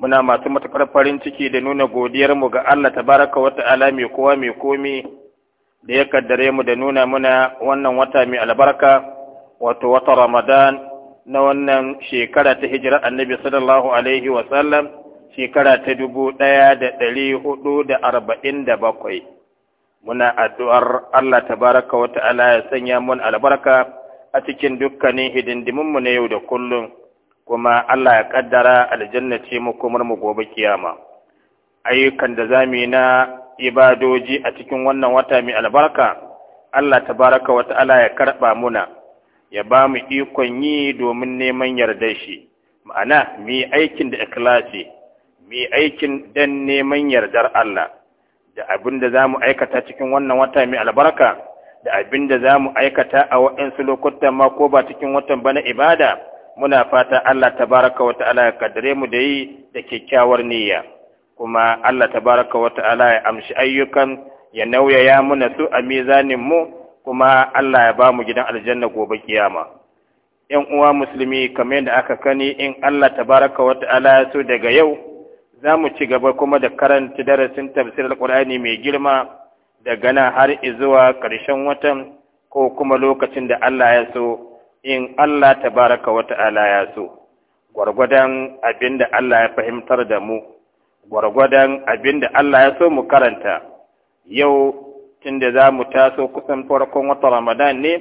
muna masu matuƙar farin ciki da nuna godiyarmu ga Allah tabaraka wa ta'ala mai kowa mai komi da ya kaddare mu da nuna muna wannan wata mai albarka wato wata Ramadan na wannan shekara ta hijira Annabi sallallahu alaihi wa sallam shekara ta dubu ɗaya da ɗari hudu da arba'in da bakwai muna addu'ar Allah tabaraka wa ta'ala ya sanya mun albarka a cikin dukkanin hidindimunmu na yau da kullum kuma Allah ya kaddara aljanna ce makomar mu gobe kiyama ayyukan da zamu yi na ibadoji a cikin wannan wata mai albarka Allah tabaraka wa ta'ala ya karba muna ya ba mu ikon yi domin neman yarda shi ma'ana mu yi aikin da ikhlasi mu yi aikin dan neman yardar Allah da abin da zamu aikata cikin wannan wata mai albarka da abin da zamu aikata a waɗansu lokutan ma ko ba cikin watan bana ibada muna fata Allah tabaraka wa ta'ala ya kaddare mu da yi da kyakkyawar niyya kuma Allah tabaraka wa ta'ala ya amshi ayyukan ya nauyaya muna su a mizanin mu kuma Allah ya ba mu gidan aljanna gobe kiyama yan uwa musulmi kamar yadda aka kani in Allah tabaraka wa ta'ala ya so daga yau za mu ci gaba kuma da karanta darasin tafsir alqur'ani mai girma daga nan har zuwa ƙarshen watan ko kuma lokacin da Allah ya so in Allah tabaraka wa ta'ala ya so gwargwadon abinda Allah ya fahimtar da mu gwargwadon abinda Allah ya so mu karanta yau tunda za mu taso kusan farkon wata Ramadan ne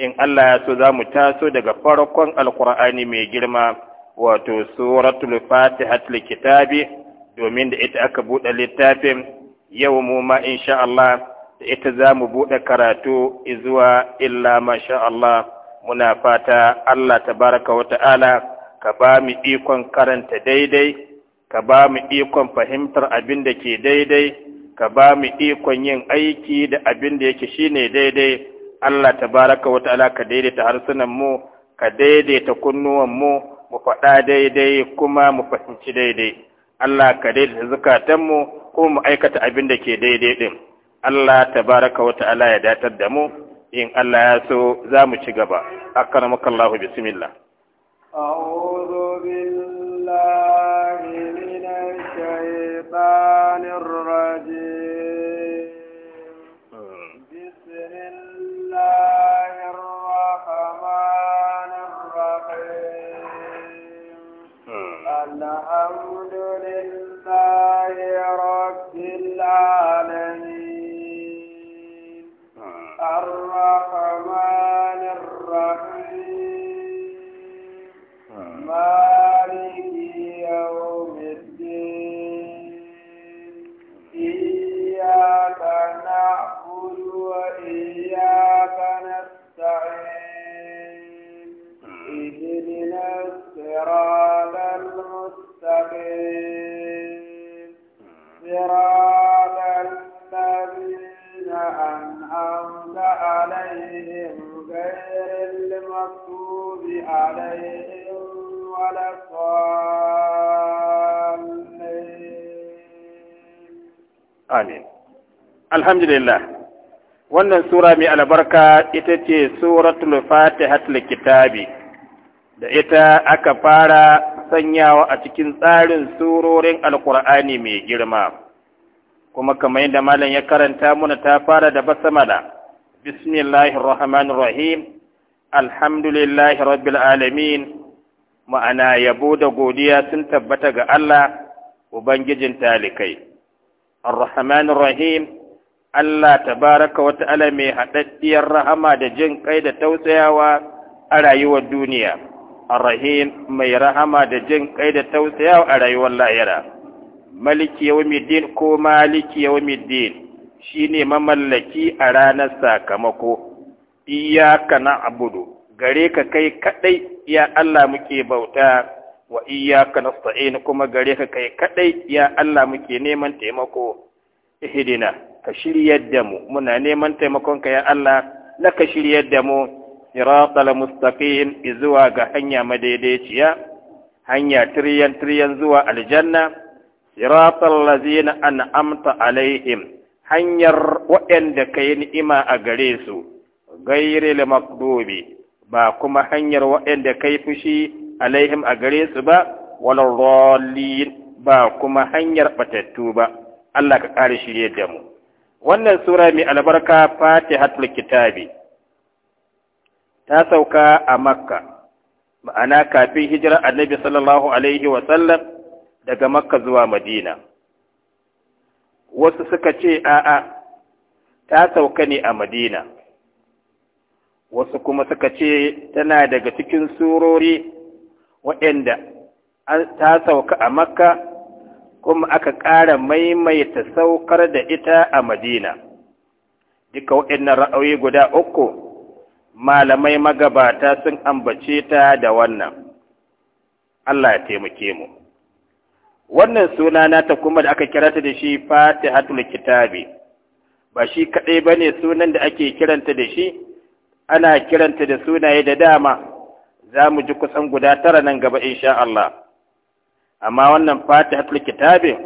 in Allah ya so za mu taso daga farkon alkur'ani mai girma wato suratul fatihat kitabi domin da ita aka buɗe littafin yau mu ma insha Allah da ita za mu buɗe karatu izuwa illa masha Allah muna fata Allah tabaraka wa ta'ala ka ba mu ikon karanta daidai ka ba mu ikon fahimtar abin da ke daidai ka ba mu ikon yin aiki da abin da yake ne daidai Allah tabaraka wa ta'ala ka daidaita harsunanmu ka daidaita kunnuwan mu mu faɗa daidai kuma mu fahimci daidai Allah ka daidaita zukatanmu kuma mu aikata abin da ke daidai ɗin Allah tabaraka wa ta'ala ya datar da mu in Allah ya so za mu ci gaba a Allah bismillah a'udhu billahi minash shaitanir rajim bismillahir rahmanir rahim hmm. alhamdulillahi rabbil alamin الرحمن alhamdulillah wannan sura mai albarka ita ce suratul fatihatul kitabi da ita aka fara sanyawa a cikin tsarin surorin alkur'ani mai girma kuma kamar yadda malam ya karanta muna ta fara da basmala bismillahir rahmanir rahim alhamdulillahi rabbil alamin ma'ana yabo da godiya sun tabbata ga Allah ubangijin talikai ar rahim Allah tabaraka wa ta'ala mai haɗaɗɗiyar rahama da jin kai da tausayawa a rayuwar duniya arrahim mai rahama da jin kai da tausayawa a rayuwar lahira maliki din ko maliki shi shine mamallaki a ranar sakamako na abudu gare ka kai kadai ya Allah muke bauta wa na nasta'in kuma gare ka kai kadai ya Allah muke neman taimako ihdina ka shirya da mu muna neman taimakon ya Allah na ka shiryar da mu siratal mustaqim zuwa ga hanya madaidaiciya hanya tiriyan tiriyan zuwa aljanna siratal ladzina an'amta alaihim hanyar waɗanda ka yi ni'ima a gare su gairi makdubi ba kuma hanyar waɗanda ka yi fushi alaihim a gare su ba walar ba kuma hanyar batattu ba Allah ka ƙara shirye da mu wannan sura mai albarka Fati hatul kitabi ta sauka a makka ma'ana kafin hijirar annabi sallallahu alaihi sallam daga makka zuwa madina wasu suka ce a'a ta sauka ne a madina wasu kuma suka ce tana daga cikin surori waɗanda ta sauka a makka kuma aka ƙara maimaita saukar da ita a madina duka waɗannan ra'ayoyi guda uku malamai magabata sun ambace ta da wannan Allah ya taimake mu wannan suna nata kuma da aka kirata da shi fatihatul kitabi ba shi kaɗai ba ne sunan da ake kiranta da shi ana kiranta da sunaye da dama za mu ji kusan guda tara nan gaba insha Allah amma wannan fatihatul kitabin,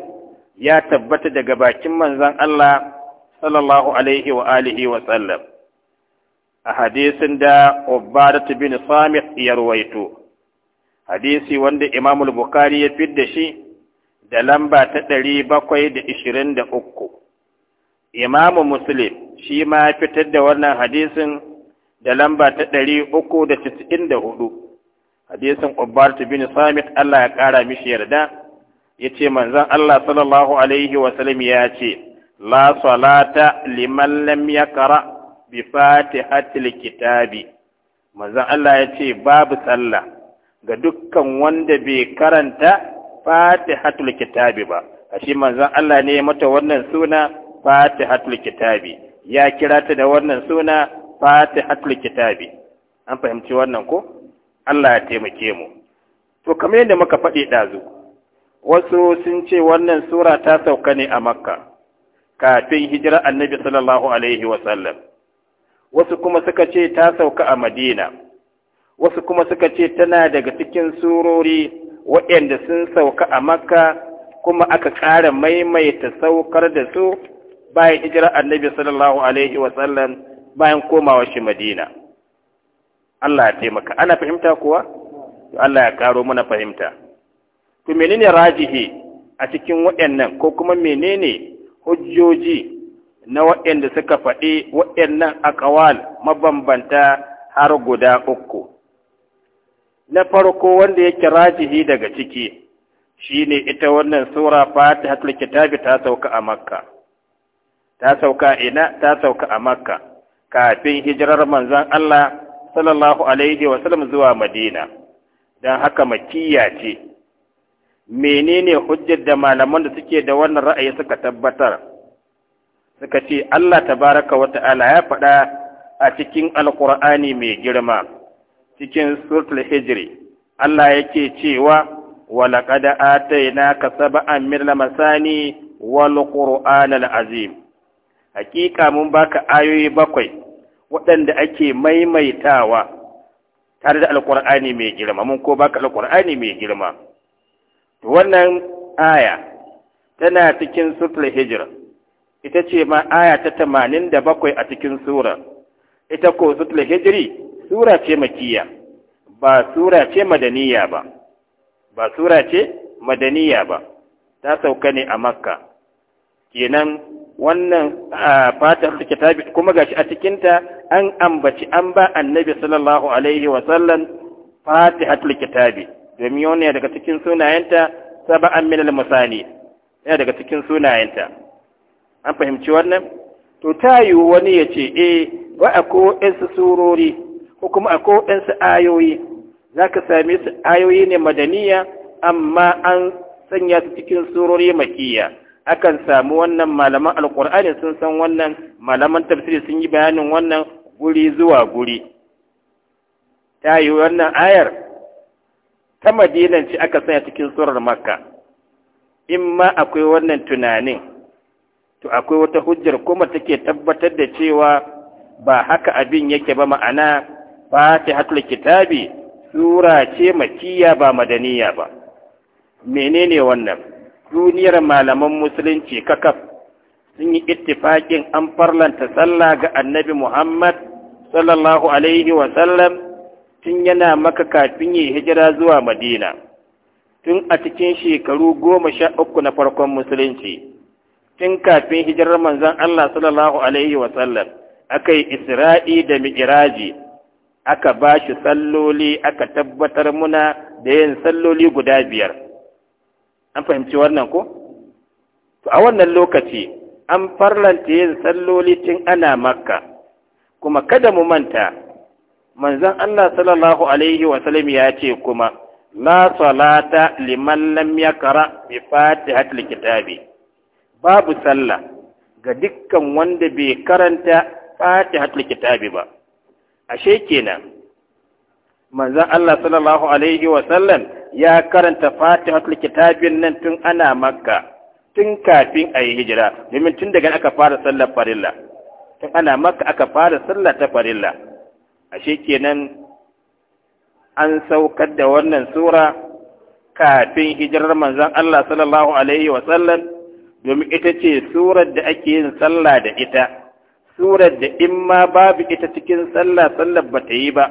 ya tabbata daga bakin manzon Allah sallallahu alaihi wa alihi wa sallam a hadisin da Ubadatu bin Samit ya ruwaito hadisi wanda Imam bukhari ya fidda shi da lamba ta ɗari bakwai da da ishirin uku, imamu Muslim shi ma ya fitar da wannan hadisin da lamba ta ɗari uku da da hudu. hadisin ta bin Samit Allah ya ƙara mishi yarda ya ce manzan Allah sallallahu alaihi wasallam ya ce la salata liman lam kara bi fatihatil kitabi manzan Allah ya ce babu sallah ga dukkan wanda bai karanta fatihatul kitabi ba ashe manzan Allah ne mata wannan suna fatihatul kitabi ya kira ta da wannan suna fatihatul kitabi an fahimci wannan ko Allah ya taimake mu to kamar yadda muka faɗi ɗazu wasu sun ce wannan sura ta sauka ne a makka kafin hijira annabi sallallahu alaihi wasallam wasu kuma suka ce ta sauka a madina wasu kuma suka ce tana daga cikin surori waɗanda sun sauka a makka kuma aka ƙara maimaita saukar da su bayan hijira annabi sallallahu alaihi wasallam bayan komawa shi madina Allah ya taimaka ana fahimta kuwa to Allah ya karo mana fahimta to menene rajihi a cikin waɗannan ko kuma menene hujjoji na waɗanda suka faɗi waɗannan akawal mabambanta har guda uku na farko wanda yake rajihi daga ciki shine ita wannan sura fatihatul kitabi ta sauka a makka ta sauka ina ta sauka a makka kafin hijirar manzon Allah sallallahu alaihi wa sallam zuwa madina don haka makiyya ce menene hujjar da malaman da suke da wannan ra'ayi suka tabbatar suka ce Allah tabaraka wa ta'ala ya faɗa a cikin alkur'ani mai girma cikin suratul hijri Allah yake cewa "wa ولقد sab'an min من wal qur'anal azim hakika mun baka ayoyi bakwai waɗanda ake maimaitawa tare da alƙur'ani mai girma mun ko baka alƙur'ani mai girma wannan aya tana cikin suratul hijr ita ce ma aya ta 87 a cikin sura ita ko suratul hijri sura ce makiyya ba sura ce madaniya ba ba sura ce madaniya ba ta sauka ne a makka kenan wannan fatar take ta kuma gashi a cikinta an ambaci an ba annabi sallallahu alaihi wa sallam fatihatul kitabi domin wannan daga cikin sunayenta sab'an min al-masani yana daga cikin sunayenta an fahimci wannan to ta yiwu wani ya ce eh ba a ko su surori ko kuma a ko su ayoyi za ka same su ayoyi ne madaniya amma an sanya su cikin surori makiya akan samu wannan malaman alƙur'ani sun san wannan malaman tafsiri sun yi bayanin wannan guri zuwa guri ta yi wannan ayar ta madinanci aka sanya cikin surar makka in ma akwai wannan tunanin to akwai wata hujjar kuma take tabbatar da cewa ba haka abin yake ba ma'ana ba ta hatar kitabi sura ce makiya ba madaniya ba menene wannan duniyar malaman musulunci kakaf sun yi ittifaƙin an farlanta sallah ga annabi Muhammad sallallahu alaihi wasallam tun yana maka kafin yi hijira zuwa Madina tun a cikin shekaru goma sha uku na farkon musulunci tun kafin hijirar manzon Allah sallallahu alaihi wasallam aka yi isra'i da mi'iraji aka ba shi salloli aka tabbatar muna da yin salloli guda biyar an fahimci wannan ko to a wannan lokaci an farlanta yin salloli tun ana makka kuma kada mu manta manzon Allah sallallahu alaihi wa sallam ya ce kuma la salata liman lam yakra bi fatihatil kitabi babu sallah ga dukkan wanda bai karanta fatihatul kitabi ba ashe kenan manzon Allah sallallahu alaihi wa sallam ya karanta fatihatul kitabin nan tun ana makka tun kafin a yi hijira domin tun daga aka fara sallar farilla tun ana makka aka fara sallar ta farilla ashe kenan an saukar da wannan sura kafin hijirar manzan Allah sallallahu alaihi wa sallam domin ita ce surar da ake yin sallah da ita surar da in ma babu ita cikin sallah sallar ba ta yi ba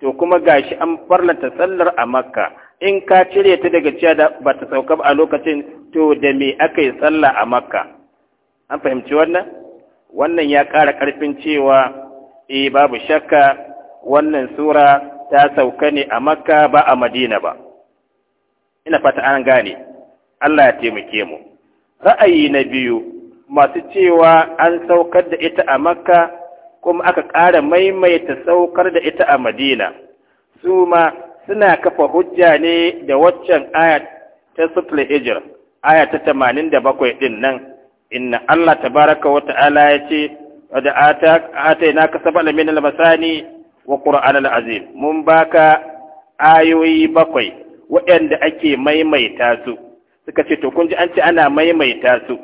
to kuma gashi an farlanta sallar a makka in ka cire ta daga cewa da ba ta sauka ba a lokacin to da me aka yi sallah a makka an fahimci wannan wannan ya ƙara ƙarfin cewa eh babu shakka wannan sura ta sauka ne a makka ba a madina ba ina fata an gane allah ya taimake mu ra'ayi na biyu masu cewa an saukar da ita a makka kuma aka ƙara maimaita saukar da ita a madina su ma suna kafa hujja ne da waccan aya ta sutul hijir aya ta tamanin da bakwai ɗin nan inna allah tabaraka wa ta'ala ya ce da ata na ka saba lamin masani wa qur'an alazim mun baka ayoyi bakwai waɗanda ake maimaita su suka ce to kun ji an ce ana maimaita su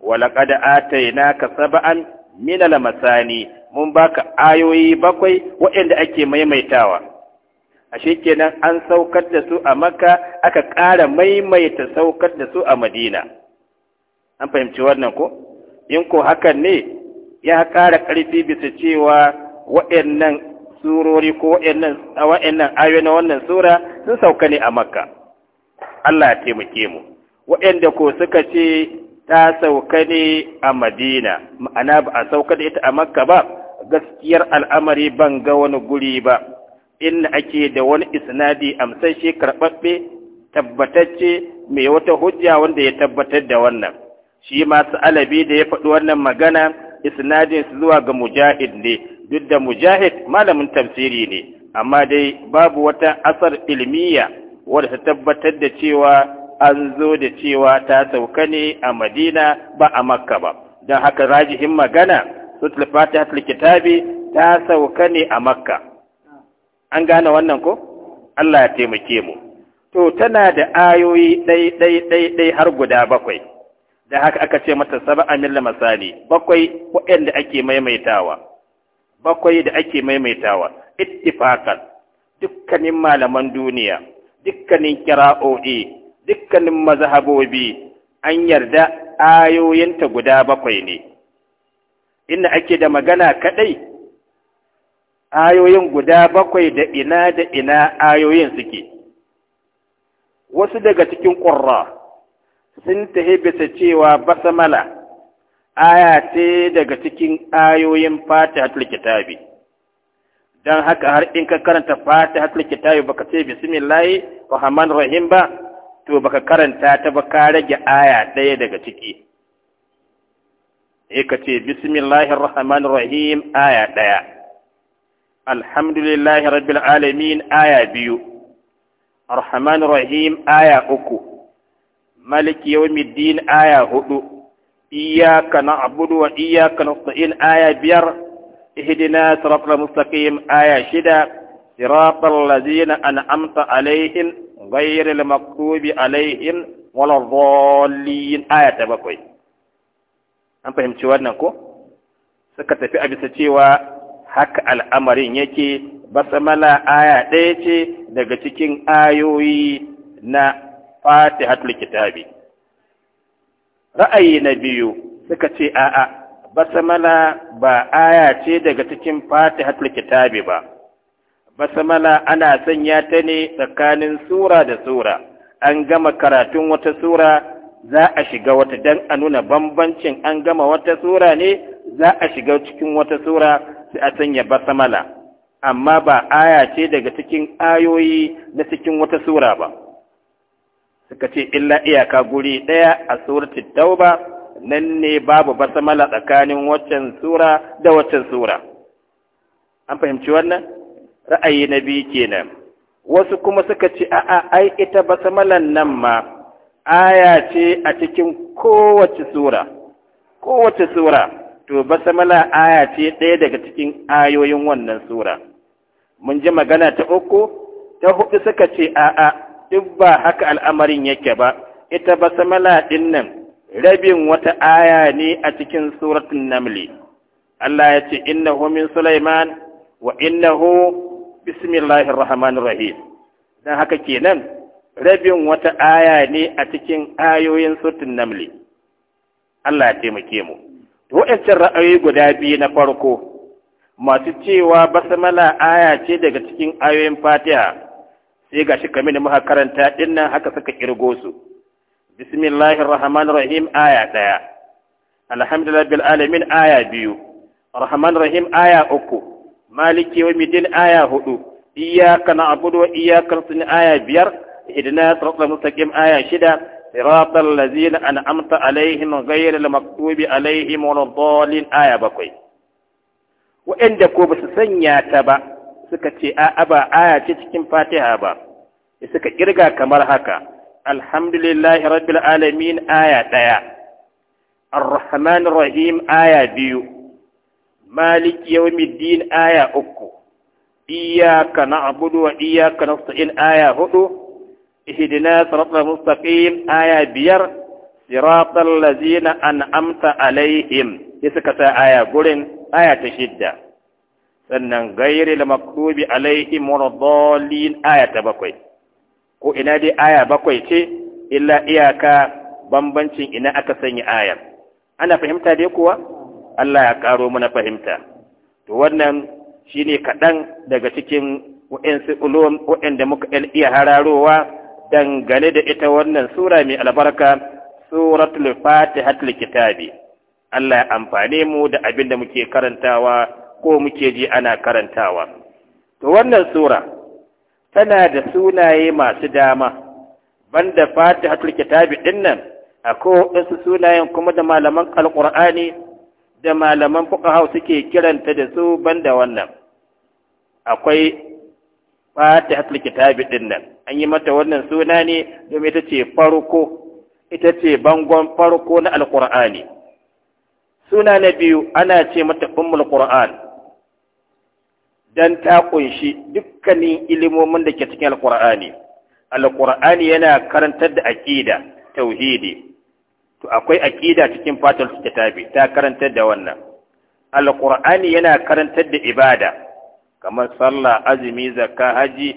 wa laqad atainaka sab'an minal masani mun baka ayoyi bakwai waɗanda ake maimaitawa ashe kenan an saukar da su a makka aka ƙara maimaita saukar da su a madina an fahimci wannan ko in ko hakan ne ya ƙara ƙarfi bisa cewa waɗannan surori ko waɗannan ayoyi na wannan sura sun sauka ne a makka Allah ya taimake mu waɗanda ko suka ce ta sauka ne a madina ma'ana ba a sauka da ita a makka ba gaskiyar al'amari ban ga wani guri ba in ake da wani isnadi amsashe karɓaɓɓe tabbatacce mai wata hujja wanda ya tabbatar da wannan shi ma alabi da ya faɗi wannan magana isnadin su zuwa ga mujahid ne duk da mujahid malamin tafsiri ne amma dai babu wata asar ilmiya wadda ta tabbatar da cewa an zo da cewa ta sauka ne a madina ba a makka ba don haka rajihin magana sutul fatihatul kitabi ta sauka ne a makka an gane wannan ko Allah ya taimake mu to tana da ayoyi ɗai ɗai ɗai har guda bakwai da haka aka ce mata saba'a milla masali bakwai waɗanda ake maimaitawa bakwai da ake maimaitawa ittifaqan dukkanin malaman duniya dukkanin kira'o'i dukkanin mazhabobi an yarda ayoyinta guda bakwai ne inda ake da magana kaɗai? ayoyin guda bakwai da ina da ina ayoyin suke wasu daga cikin ƙurra sun tahi bisa cewa basamala aya ce daga cikin ayoyin fatihatul kitabi don haka har in ka karanta fatihatul kitabi baka ce bismillahi rahman rahim ba to baka karanta ta ba ka rage aya ɗaya daga ciki ka ce bismillahir rahmanir rahim aya ɗaya alhamdulillahi rabbil alamin aya biyu arhamanir rahim aya uku maliki yawmiddin aya hudu iyyaka na'budu wa iyyaka nasta'in aya biyar ihdina siratal mustaqim aya shida siratal ladzina an'amta alaihim غير المكتوب عليهم ولا الضالين آية bakwai an fahimci wannan ko suka tafi a cewa haka al'amarin yake basmala ya ɗaya ce daga cikin ayoyi na fatihatul kitabi ra'ayi na biyu suka ce a'a basamala ba aya ce daga cikin fatihatul kitabi ba basmala ana sanya ta ne tsakanin sura da sura an gama karatun wata sura za a shiga wata dan a nuna bambancin an gama wata sura ne za a shiga cikin wata sura sai a sanya basmala amma ba aya ce daga cikin ayoyi na cikin wata sura ba suka ce illa iyaka guri ɗaya a surati tauba nan ne babu basmala tsakanin waccan sura da waccan sura an fahimci wannan ra'ayi na biyu kenan wasu kuma suka ce a'a ai ita basmalan nan ma aya ce a cikin kowace sura kowace sura to basmala aya ce ɗaya daga cikin ayoyin wannan sura mun ji magana ta uku ta hudu suka ce a'a duk ba haka al'amarin yake ba ita basmala din nan rabin wata aya ne a cikin suratun namli Allah ya ce innahu min Sulaiman wa innahu bismillahir rahim dan haka kenan rabin wata aya ne a cikin ayoyin suratul naml Allah ya taimake mu to wa'ancin ra'ayoyi guda biyu na farko masu cewa basmala aya ce daga cikin ayoyin fatiha sai gashi shi da muka karanta dinnan haka suka kirgo su bismillahir rahmanir rahim aya daya alhamdulillahi bil alamin aya biyu rahmanir rahim aya uku maliki yawm din aya hudu iyyaka na'budu wa iyyaka nasta'in aya biyar ihdina siratal mustaqim aya shida siratal ladzina an'amta alaihim ghayril maghdubi alaihim waladdallin aya bakwai wa'anda ko ba su sanya ta ba suka ce a'a ba aya ce cikin fatiha ba suka kirga kamar haka alhamdulillahi rabbil alamin aya daya الرحمن الرحيم آية بيو maliki yawmiddin aya uku iyyaka na'budu wa iyyaka nasta'in aya hudu ihdina siratal mustaqim aya biyar siratal ladzina an'amta alaihim ya suka sa aya gurin aya ta shidda sannan gairil maktubi alaihim waradallin aya ta bakwai ko ina dai aya bakwai ce illa iyaka bambancin ina aka sanya ayar ana fahimta dai kuwa Allah ya ƙaro mana fahimta to wannan shi ne kaɗan daga cikin wa'ansu ulum muka iya hararowa dangane da ita wannan sura mai albarka suratul fatihatul kitabi Allah ya amfane mu da abin da muke karantawa ko muke ji ana karantawa to wannan sura tana da sunaye masu dama banda fatihatul kitabi dinnan akwai wasu sunayen kuma da malaman alƙur'ani da malaman fuqaha suke kiranta da su banda wannan akwai fatihatul kitabi din nan an yi mata wannan suna ne domin ita ce farko ita ce bangon farko na alqur'ani suna na biyu ana ce mata ummul qur'an dan ta kunshi dukkanin ilimomin da ke cikin alqur'ani alqur'ani yana karantar da aqida tauhidi to akwai aqida cikin fatul kitabi ta karantar da wannan alqur'ani yana karantar da ibada kamar sallah azumi zakka haji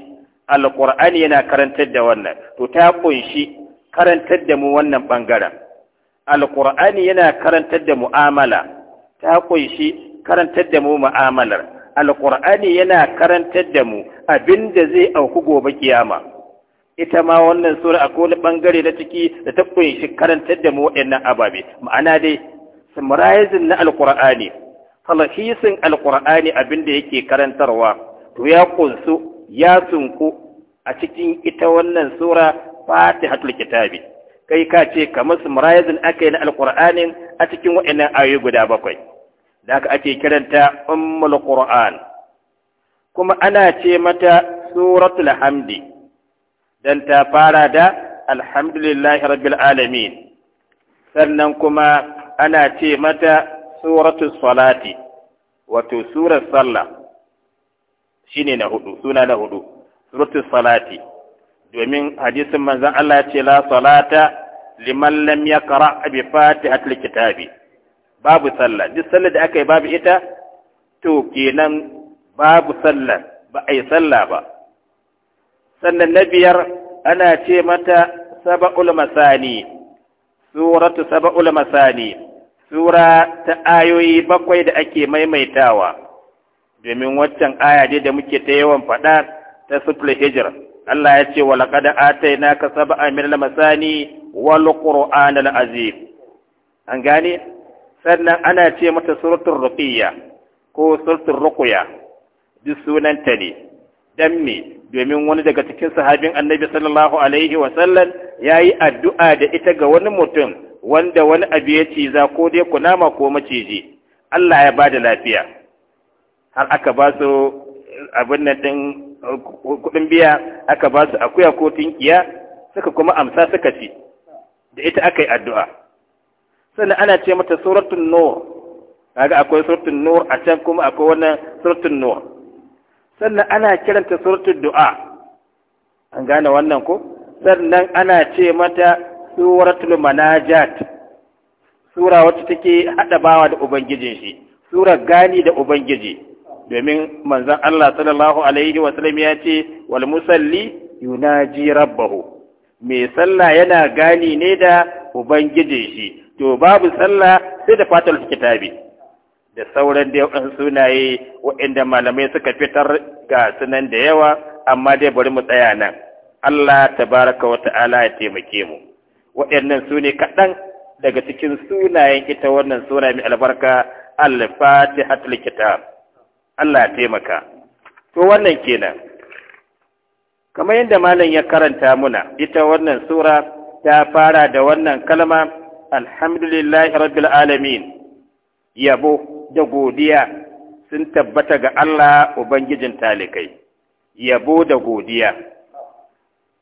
alqur'ani yana karantar da wannan to ta kunshi karantar da mu wannan bangaren alqur'ani yana karantar da mu'amala ta kunshi karantar da mu mu'amalar alqur'ani yana karantar da mu abinda zai auku gobe kiyama ita ma wannan sura a kowane bangare na ciki da ta kunshi karantar da mu waɗannan ababe ma'ana dai summarizing na alqur'ani talahisin Alƙur'ani abin da yake karantarwa to ya kunsu ya sunku a cikin ita wannan sura fatihatul kitabi kai ka ce kamar summarizing aka yi na Alƙur'ani a cikin waɗannan ayoyi guda bakwai da aka ake kiranta ummul qur'an kuma ana ce mata suratul hamdi dan ta fara da alhamdulillahi rabbil alamin sannan kuma ana ce mata suratul salati wato surar sallah shine na hudu suna na hudu suratul salati domin hadisin manzon Allah ce la salata liman lam yaqra bi fatihatil kitabi babu sallah duk sallar da aka yi babu ita to kenan babu sallah ba a yi sallah ba sannan na biyar ana ce mata saba'ul masani suratu saba'ul masani sura ta ayoyi bakwai da ake maimaitawa domin waccan aya dai da muke ta yawan faɗa ta sutul hijira Allah ya ce wa laqad atai sab'an min al wal qur'an al'azim an gane sannan ana ce mata suratun ruqiyya ko suratun rukuya duk sunanta ne dan me domin wani daga cikin sahabin annabi sallallahu alaihi wasallam ya yi addu'a da ita ga wani mutum wanda wani abu ya ciza ko dai kunama ko maciji Allah ya ba da lafiya har aka ba su abin nan ɗin uh, kuɗin biya aka ba su akuya ko tinkiya suka kuma amsa suka ci da ita aka yi addu'a sannan ana ce mata suratun nur kaga akwai suratun nur a can kuma akwai wannan suratun nur sannan ana kiranta suratul du'a an gane wannan ko sannan ana ce mata suratul manajat sura wacce take hada bawa da ubangijin shi sura gani da ubangiji domin manzon Allah sallallahu alaihi wa sallam ya ce wal musalli yunaji rabbahu mai sallah yana gani ne da ubangijin shi to babu sallah sai da fatar kitabi da sauran dai waɗansu sunaye waɗanda malamai suka fitar ga sunan da yawa amma dai bari mu tsaya nan Allah baraka wa ta'ala ya taimake mu waɗannan su ne kaɗan daga cikin sunayen ita wannan sura mai albarka al-fatihatul kitab Allah ya taimaka to wannan kenan kamar yadda malam ya karanta muna ita wannan sura ta fara da wannan kalma alhamdulillahi rabbil alamin yabo da godiya sun tabbata ga Allah Ubangijin talikai, yabo da godiya.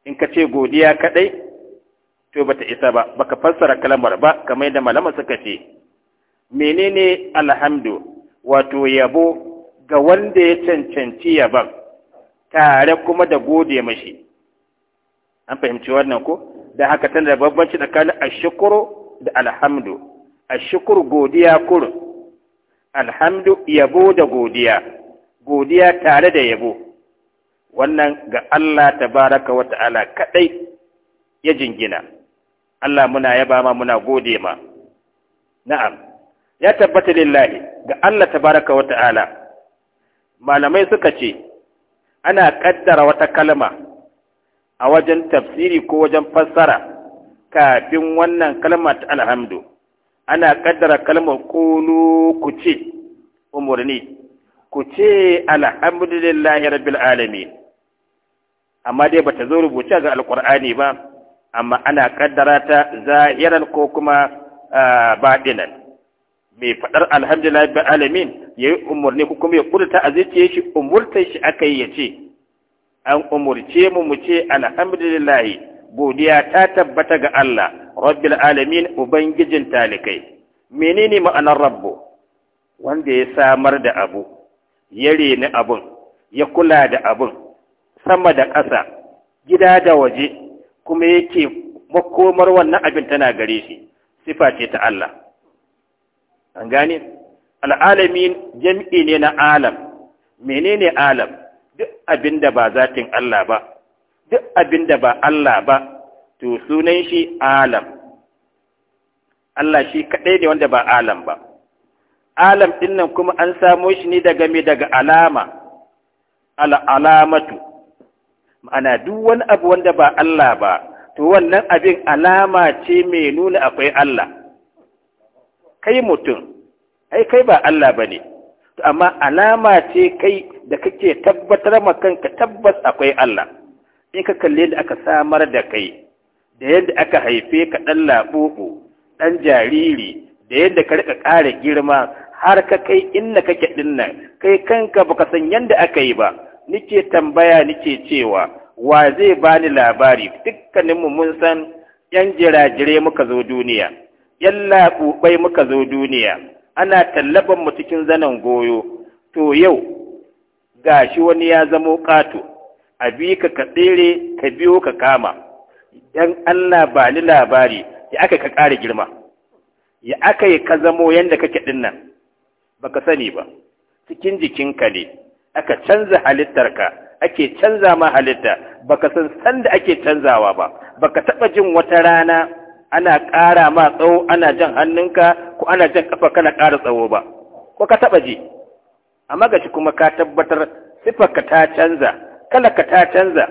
In ka ce godiya kaɗai, to bata isa ba, baka fassara kalamar ba, kamar da malama suka ce, menene alhamdu, wato yabo ga wanda ya cancanci yaban, tare kuma da gode mashi. An fahimci wannan ko? Da haka tana da babbanci tsakanin shukuru da alhamdu, shukuru godiya kurun. alhamdu yabo da godiya godiya tare da yabo wannan ga Allah tabaraka wa ta'ala kadai ya jingina Allah muna yaba ma muna gode ma na'am ya tabbata lillahi ga Allah tabaraka wa ta'ala malamai suka ce ana ƙaddara wata kalma a wajen tafsiri ko wajen fassara kafin wannan kalmar ta alhamdu ana kaddara kalmar kunu ku ce umarni ku ce alhamdulillahi rabbil alamin amma dai bata zo rubuce ga alqur'ani ba amma ana kaddara ta zahiran ko kuma baɗinan mai faɗar alhamdulillah rabbil alamin yayi umarni ko kuma ya kudta a zuciyar shi umurtar shi akai yace an umurce mu mu ce alhamdulillahi godiya ta tabbata ga Allah rabbil alamin ubangijin talikai menene ma'anar rabbu wanda ya samar da abu ya reni abun ya kula da abun sama da ƙasa gida da waje kuma yake makomar wannan abin tana gare shi sifa ce ta Allah an gane al'alamin jam'i ne na alam menene alam duk abinda ba zatin Allah ba duk abin da ba Allah ba to sunan shi alam Allah shi kaɗai ne wanda ba alam ba alam ɗin nan kuma an samo shi ne daga me daga alama al'alamatu ma'ana duk wani abu wanda ba Allah ba to wannan abin alama ce mai nuna akwai Allah kai mutum ai kai ba Allah ba ne To amma alama ce kai da kake tabbatar ma kanka tabbas akwai Allah in ka kalle da aka samar da kai da yadda aka haife ka ɗan laɓoɓo ɗan jariri da yadda ka rika ƙara girma har ka kai inda kake ɗin nan kai kanka baka san yadda aka yi ba nike tambaya nike cewa wa zai bani labari dukkaninmu mun san yan jirajire muka zo duniya yan muka zo duniya ana tallaban mu cikin zanen goyo to yau gashi wani ya zamo ƙato a bi ka ka tsere ka biyo ka kama yan Allah ba ni labari ya aka ka ƙara girma ya aka yi ka zamo yadda kake ɗin nan ba ka sani ba cikin jikinka ne aka canza halittarka ake canza ma halitta ba ka san sanda ake canzawa ba ba ka taɓa jin wata rana ana ƙara ma tsawo ana jan hannunka ko ana jan ƙafa kana ƙara tsawo ba ko ka taɓa ji amma gashi kuma ka tabbatar sifarka ta canza kalaka ta canza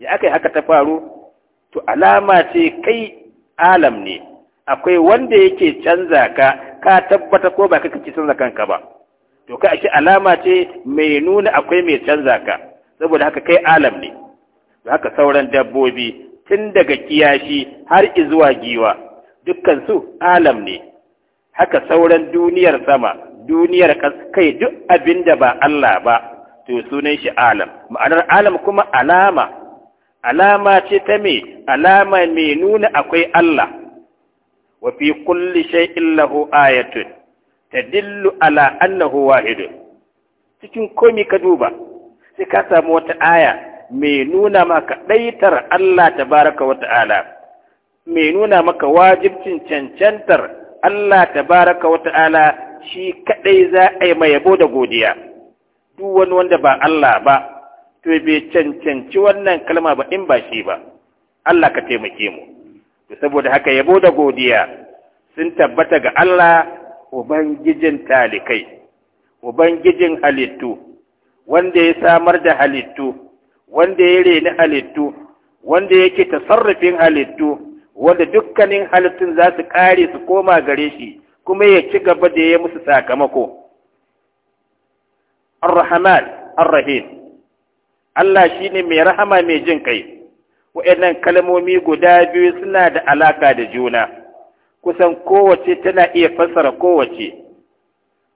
ya aka yi haka ta faru to alama ce kai alam ne akwai wanda yake canza ka ka tabbata ko ba kai kake canza kanka ba to kai ashe alama ce mai nuna akwai mai canza ka saboda haka kai alam ne To haka sauran dabbobi tun daga kiyashi har izuwa giwa dukkan su alam ne haka sauran duniyar sama duniyar kai duk abinda ba Allah ba to sunan shi alam ma'anar alam kuma alama alama ce ta me alama mai nuna akwai Allah wa fi kulli shay'in lahu ayatun tadillu ala annahu wahid cikin komi ka duba sai ka samu wata aya mai nuna maka ɗaitar Allah tabaraka wa ta'ala mai nuna maka wajibcin cancantar Allah tabaraka wa ta'ala shi kaɗai za a yi mai yabo da godiya duk wani wanda ba Allah ba to bai cancanci wannan kalma ba in ba shi ba Allah ka taimake mu to saboda haka yabo da godiya sun tabbata ga Allah ubangijin talikai ubangijin halittu wanda ya samar da halittu wanda ya reni halittu wanda yake tasarrufin halittu wanda dukkanin halittun za su kare su koma gare shi kuma ya ci gaba da ya musu sakamako ar-rahman Allah rahim Allah shine mai rahama mai jin kai wa'annan kalmomi guda biyu suna da alaka da juna kusan kowace tana iya fassara kowace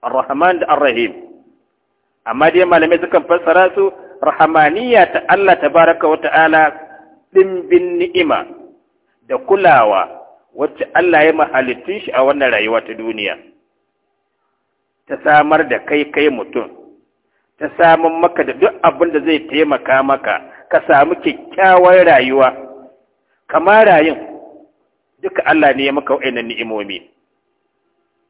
ar-rahman da ar-rahim amma dai malamai sukan fassara su rahamaniya ta Allah baraka wa ta'ala ɗimbin ni'ima da kulawa wacce Allah ya mahalittun shi a wannan rayuwa ta duniya ta samar da kai kai mutum ta samun maka da duk abin da zai taimaka maka ka samu kyakkyawar rayuwa kama rayun duka Allah ne ya maka wa'annan ni'imomi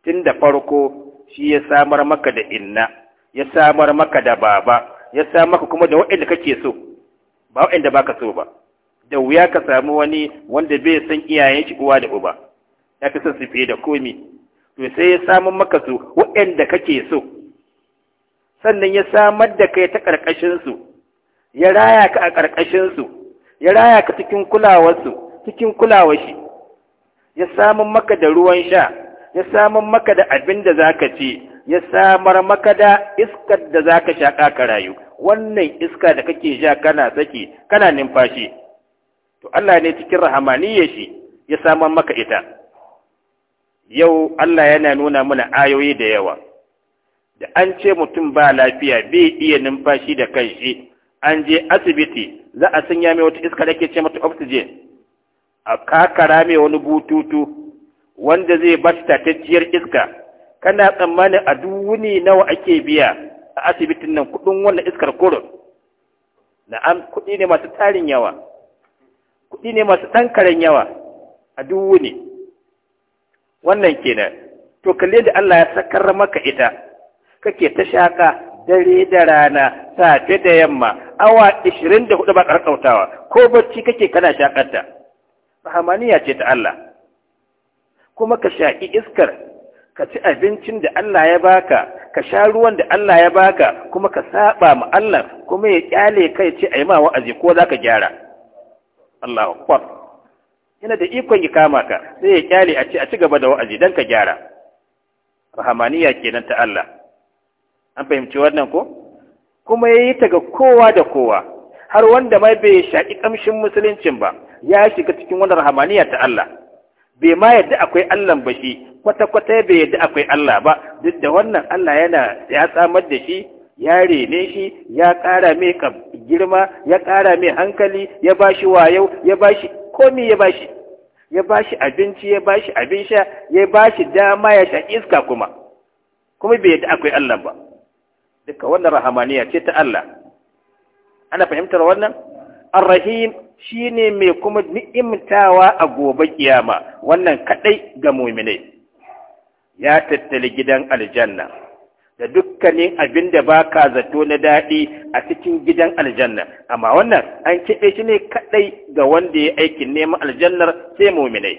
tun da farko shi ya samar maka da inna ya samar maka da baba ya samar maka kuma da wa'anda kake so ba wa'anda baka so ba da wuya ka samu wani wanda bai san iyayen shi uwa da uba ya fi son su fiye da komi to sai ya samun maka su waɗanda kake so sannan ya samar da kai ta ƙarƙashinsu ya raya ka a ƙarƙashinsu ya raya ka cikin kulawarsu cikin kulawar ya samun maka da ruwan sha ya samun maka da abin da za ka ci ya samar maka da iskar da za ka sha ka rayu wannan iska da kake sha kana saki kana numfashi to Allah ne cikin ya shi ya samar maka ita yau Allah yana nuna mana ayoyi da yawa da an ce mutum ba lafiya bai iya numfashi da kanshi an je asibiti za a sanya mai wata iska da ke ce mata oxygen a kakara mai wani bututu wanda zai ba tatacciyar iska kana tsammanin a duwuni nawa ake biya a asibitin nan kudin wannan iskar kurun na'am kudi ne masu tarin yawa kudi ne masu ɗan yawa a duwuni wannan kenan to kalle da Allah ya sakar maka ita kake ta shaka dare da rana safe da yamma awa 24 ba karkautawa ko bacci kake kana shakarta rahamaniya ce ta Allah kuma ka shaki iskar ka ci abincin da Allah ya baka ka sha ruwan da Allah ya baka kuma ka saba ma Allah kuma ya kyale kai ce ai ma wa'azi ko za ka gyara Allahu akbar yana da ikon ya kama ka sai ya kyale a ce a ci gaba da wa'azi dan ka gyara rahamaniya kenan ta Allah an fahimci wannan ko kuma ya yi ta ga kowa da kowa har wanda mai bai shaƙi ƙamshin musuluncin ba ya shiga cikin wannan rahamaniya ta Allah bai ma yadda akwai Allah ba shi kwata-kwata bai yadda akwai Allah ba duk da wannan Allah yana ya samar da shi ya rene shi ya ƙara mai girma ya ƙara mai hankali ya ba shi wayau ya ba shi komi ya ba shi ya ba shi abinci ya ba shi abin sha ya ba shi dama ya sha iska kuma kuma bai yadda akwai Allah ba duka wannan rahamaniya ce ta Allah ana fahimtar wannan arrahim shine mai kuma ni'imtawa a gobe kiyama wannan kadai ga mu'minai ya tattali gidan aljanna da dukkanin abin da baka zato na daɗi a cikin gidan aljanna amma wannan an keɓe shi ne kaɗai ga wanda ya aikin neman aljannar sai muminai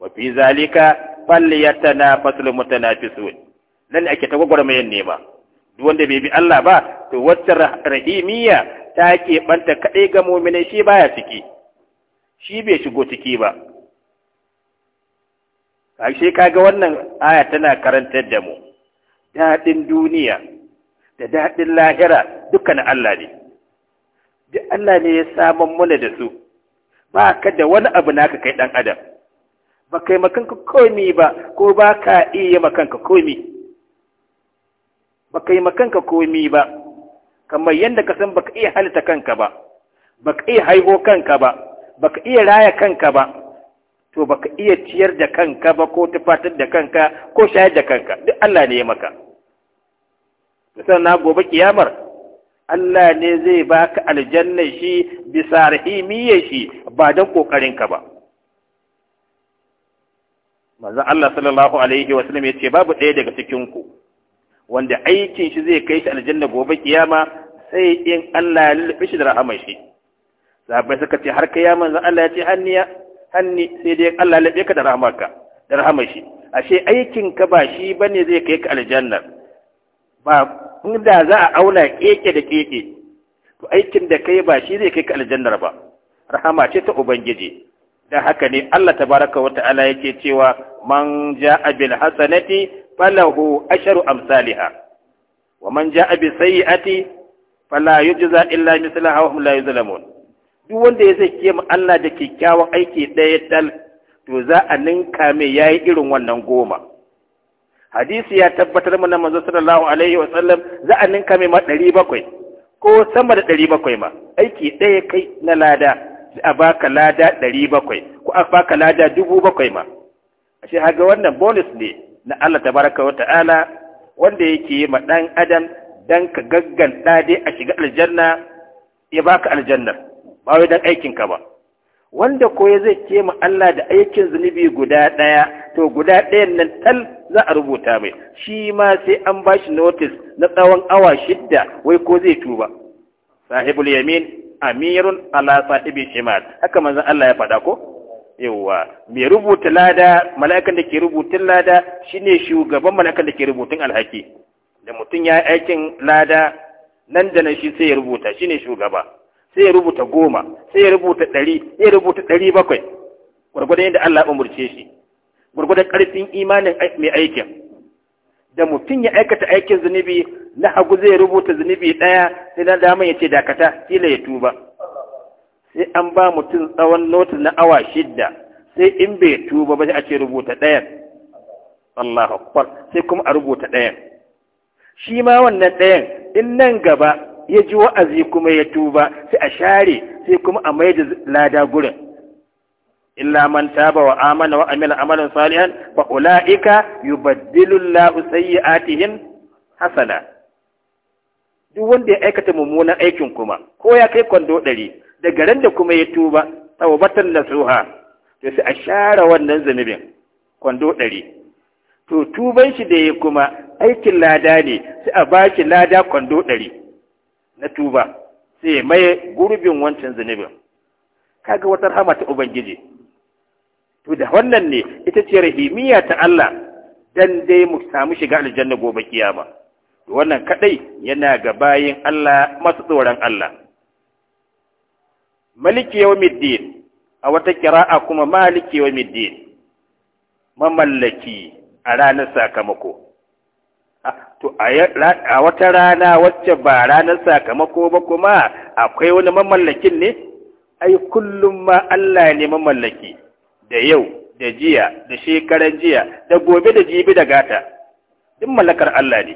wa fi zalika falliyatana fasul mutanafisun nan ake ta gwagwarmayar nema duk wanda bai bi Allah ba to wata rahimiyya ta ke keɓanta kaɗai ga mominai shi baya ciki shi bai shigo ciki ba ka kaga wannan aya tana karantar da mu daɗin duniya da daɗin lahira dukkan Allah ne duk Allah ne ya samun mana da su ba ka da wani abu naka kai ɗan adam ba kai makanka komi ba ko ba ka iya makanka komi ba ka yi makanka komi ba kamar yadda ka san ba ka iya halitta kanka ba ba ka iya haiho kanka ba ba ka iya raya kanka ba to ba ka iya ciyar da kanka ba ko tufatar da kanka ko shayar da kanka duk Allah ne ya maka na gobe kiyamar Allah ne zai baka aljannar shi bisa rahimiyyar shi ba don ƙoƙarinka ba. manzo Allah sallallahu Alaihi wasallam ya ce babu ɗaya daga cikin ku wanda aikin shi zai kai shi aljanna gobe kiyama sai in Allah ya lullube shi da rahamar shi sahabbai suka ce har kiyama zan Allah ya ce hanniya hanni sai dai Allah ya ka da rahamarka da rahamar shi ashe aikin ka ba shi bane zai kai ka aljanna ba inda za a auna keke da keke to aikin da kai ba shi zai kai ka aljanna ba rahama ce ta ubangiji dan haka ne Allah tabaraka wa ta'ala yake cewa man ja'a bil hasanati falahu asharu amsaliha wa man ja'a bi sayyi'ati fala yujza illa mislaha wa hum la yuzlamun duk wanda ya ke mu Allah da kyakkyawan aiki ɗaya tal to za a ninka mai yayi irin wannan goma hadisi ya tabbatar mana manzo sallallahu alaihi wa sallam za a ninka mai ma 700 ko sama da 700 ma aiki ɗaya kai na lada a baka lada ɗari ko a baka lada dubu bakwai ma ashe haga wannan bonus ne na Allah tabaraka wa ta'ala wanda yake yi ma ɗan adam dan ka gaggan dai a shiga aljanna ya baka aljannar ba wai dan aikin ba wanda ko ya zai ke ma Allah da aikin zunubi guda ɗaya to guda ɗayan nan tal za a rubuta mai shi ma sai an ba shi notis na tsawon awa shidda wai ko zai tuba sahibul yamin amirun ala sahibi shimal haka manzon Allah ya faɗa ko yawa mai rubuta lada mala'ikan da ke rubutun lada shine shugaban mala'ikan da ke rubutun alhaki da mutum ya aikin lada nan da nan shi sai ya rubuta shine shugaba sai ya rubuta goma sai ya rubuta ɗari ya rubuta ɗari bakwai gwargwadon yadda Allah umurce shi gwargwadon ƙarfin imanin mai aikin da mutum ya aikata aikin zunubi na hagu zai rubuta zunubi ɗaya sai na daman ya ce dakata kila ya tuba sai an ba mutum tsawon nota na awa shidda sai in bai tuba ba a ce rubuta ɗayan Allahu akbar sai kuma a rubuta ɗayan shi ma wannan ɗayan in nan gaba ya ji wa'azi kuma ya tuba sai a share sai kuma a mai da lada gurin illa man taba wa amana wa amila amalan salihan fa ulaika yubaddilu Allahu sayyi'atihim hasana duk wanda ya aikata mummunan aikin kuma ko ya kai kwando ɗari daga ran da kuma ya tuba tawbatan nasuha to sai a share wannan zunubin kwando ɗari to tuban shi da ya kuma aikin lada ne sai a ba shi lada kwando ɗari na tuba sai ya maye gurbin wancan zunubin kaga wata rahama ta ubangiji to da wannan ne ita ce rahimiya ta Allah dan dai mu samu shiga aljanna gobe kiyama wannan kadai yana ga bayin Allah masu tsoron Allah maliki middin a wata kira'a kuma maliki middin mamallaki a ranar sakamako a wata rana wacce ba ranar sakamako ba kuma akwai wani mamallakin ne ai kullum ma Allah ne mamallaki da yau da jiya da shekaran jiya da gobe da jibi da gata duk mallakar Allah ne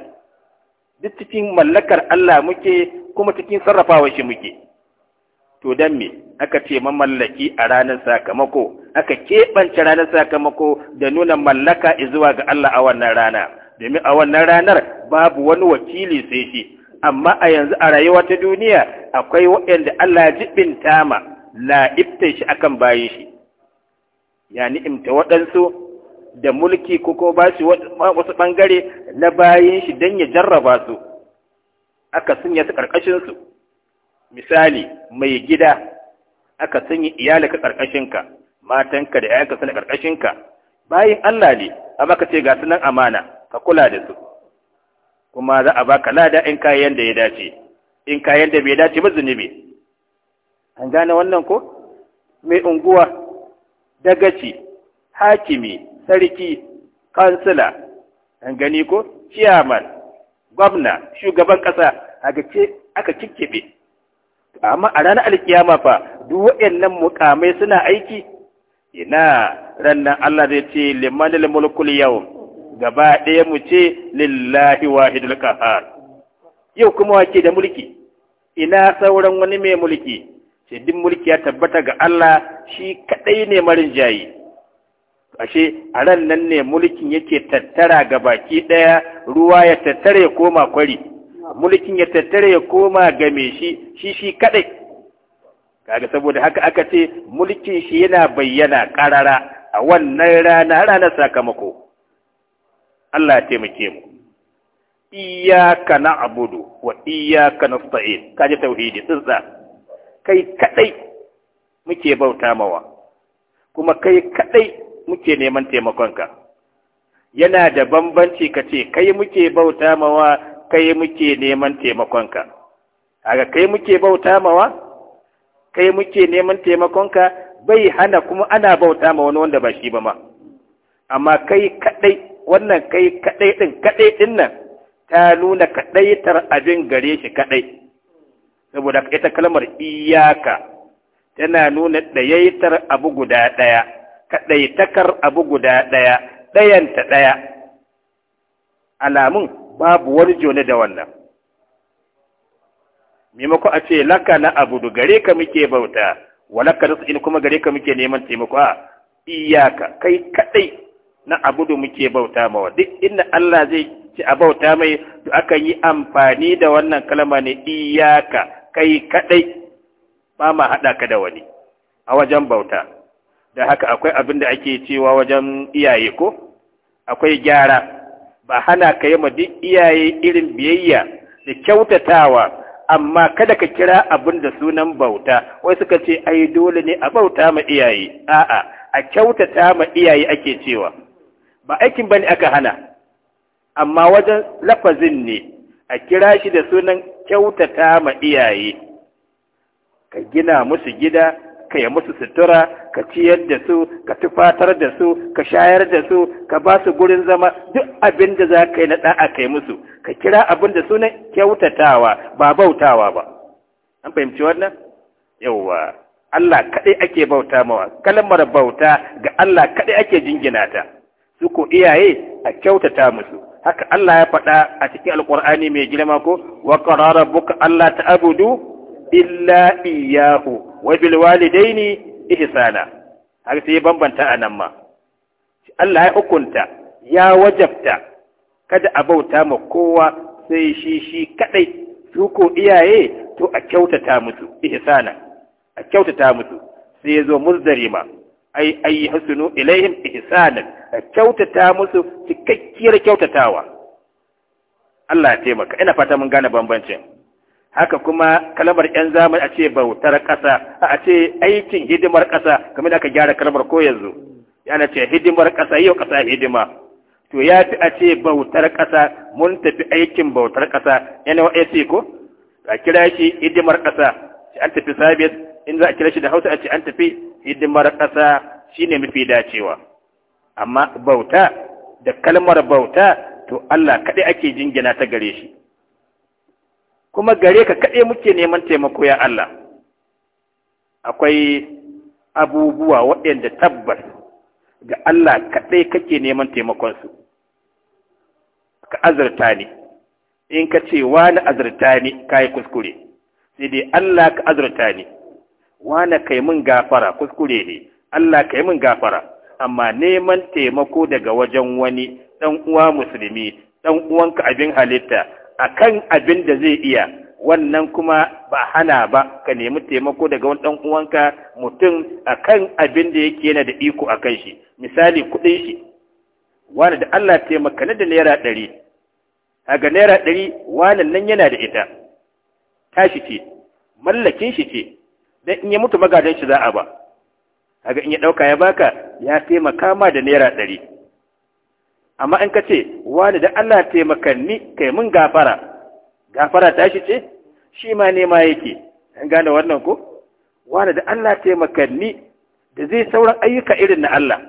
duk cikin mallakar Allah muke kuma cikin sarrafawa shi muke to dan me aka ce mamallaki a ranar sakamako aka keɓance ranar sakamako da nuna mallaka zuwa ga Allah a wannan rana domin a wannan ranar babu wani wakili sai shi amma a yanzu a rayuwa ta duniya akwai waɗanda Allah jibin tama ibta shi akan bayin shi ya ni'imta waɗansu da mulki ko ko ba shi wasu ɓangare na bayin shi dan ya jarraba su aka sunya su ƙarƙashinsu misali mai gida aka sanya ka ƙarƙashinka matanka da yayanka suna ƙarƙashinka bayan Allah ne amma ka ce ga sunan amana ka kula da su kuma za a baka lada in kayan da ya dace in kayan da bai dace ba zunubi an gane wannan ko mai unguwa dagaci hakimi sarki kansila an gani ko ciyaman gwamna shugaban ƙasa aka ce aka kikkebe amma a ranar alkiyama fa duk waɗannan mukamai suna aiki ina rannan Allah zai ce liman mulkul yau gaba ɗaya mu ce lillahi wahidul qahar yau kuma wake da mulki ina sauran wani mai mulki sai duk mulki ya tabbata ga Allah shi kadai ne marin jayi ashe a ran ne mulkin yake tattara ga baki ɗaya, ruwa ya tattare koma kwari mulkin ya tattare ya koma game shi shi shi kadai kaga saboda haka aka ce mulkin shi yana bayyana karara a wannan rana ranar sakamako Allah ya taimake mu iyyaka na'budu wa iyyaka nasta'in kaje tauhidi tsintsa kai kadai muke bauta mawa kuma kai kadai muke neman taimakonka yana da bambanci kace kai muke bauta mawa kai muke neman taimakonka aga kai muke bauta mawa kai muke neman taimakonka bai hana kuma ana bauta ma wani wanda ba shi ba ma amma kai kadai wannan kai kadai din kadai din nan ta nuna kadaitar abin gare shi kadai saboda ita kalmar iyaka tana nuna ɗayaitar abu guda ɗaya kadaitakar abu guda ɗaya ta ɗaya alamun babu wani jone da wannan maimako a ce laka na abudu gare ka muke bauta laka da in kuma gare ka muke neman taimako a iyaka kai kadai na abudu muke bauta mawa duk inda Allah zai ci a bauta mai to aka yi amfani da wannan kalma ne iyaka kai kadai ba ma haɗa ka da wani a wajen bauta da haka akwai abin da ake cewa wajen iyaye ko akwai gyara ba hana ka yi duk iyaye irin biyayya da kyautatawa amma kada ka kira abin da sunan bauta wai suka ce ai dole ne a bauta ma iyaye a'a a kyautata ma iyaye ake cewa ba aikin bane aka hana amma wajen lafazin ne a kira shi da sunan kyautata ma iyaye ka gina musu gida ka yi musu sutura ka ciyar da su ka tufatar da su ka shayar da su ka ba su gurin zama duk abin da za ka yi na ɗa'a ka yi musu ka kira abin da ne kyautatawa ba bautawa ba an fahimci wannan yawwa Allah kaɗai ake bauta mawa kalmar bauta ga Allah kaɗai ake jingina ta su ko iyaye a kyautata musu haka Allah ya faɗa a cikin alƙur'ani mai girma ko wa qarara buka Allah abudu illa iyyahu wa bil walidaini ihsana har sai bambanta anan ma Allah ya hukunta ya wajabta kada a bauta ma kowa sai shi shi kadai su ko iyaye to a kyautata musu ihsana a kyautata musu sai yazo muzdarima ai ai hasunu ilaihim ihsanan a kyautata musu cikakkiyar kyautatawa Allah ya taimaka ina fata mun gane bambancin haka kuma kalmar yan zamani a ce bautar ƙasa a ce aikin hidimar ƙasa kamar da aka gyara kalmar ko yanzu yana ce hidimar ƙasa yau ƙasa hidima to ya fi a ce bautar ƙasa mun tafi aikin bautar ƙasa NYSC ko a kira shi hidimar ƙasa an tafi sabis in za a kira shi da hausa a ce an tafi hidimar ƙasa shine mafi dacewa amma bauta da kalmar bauta to Allah kaɗai ake jingina ta gare shi kuma gare ka kaɗai muke neman taimako ya Allah akwai abubuwa waɗanda tabbas ga Allah kaɗai kake neman taimakonsu ka azurta ne in ka ce wani azurta ne ka yi kuskure sai dai Allah ka azurta ne wani kai mun gafara kuskure ne Allah kai mun gafara amma neman taimako daga wajen wani ɗan uwa musulmi ɗan uwanka abin halitta A kan abin da zai iya wannan kuma ba hana ba ka nemi taimako daga wani ɗanuwanka uwanka mutum kan abin da yake yana da iko akan shi misali kuɗin shi wani da Allah taimaka da naira ɗari ga naira ɗari wani nan yana da ita tashi ce mallakin shi ce don in ya mutu magadan shi za a ba ga in ya ɗauka ya baka ya taimaka ma da naira ɗari amma in ka ce wani da Allah ni kai mun gafara gafara ta shi ce shi ma nema yake an gane wannan ko wani da Allah ni? da zai sauran ayyuka irin na Allah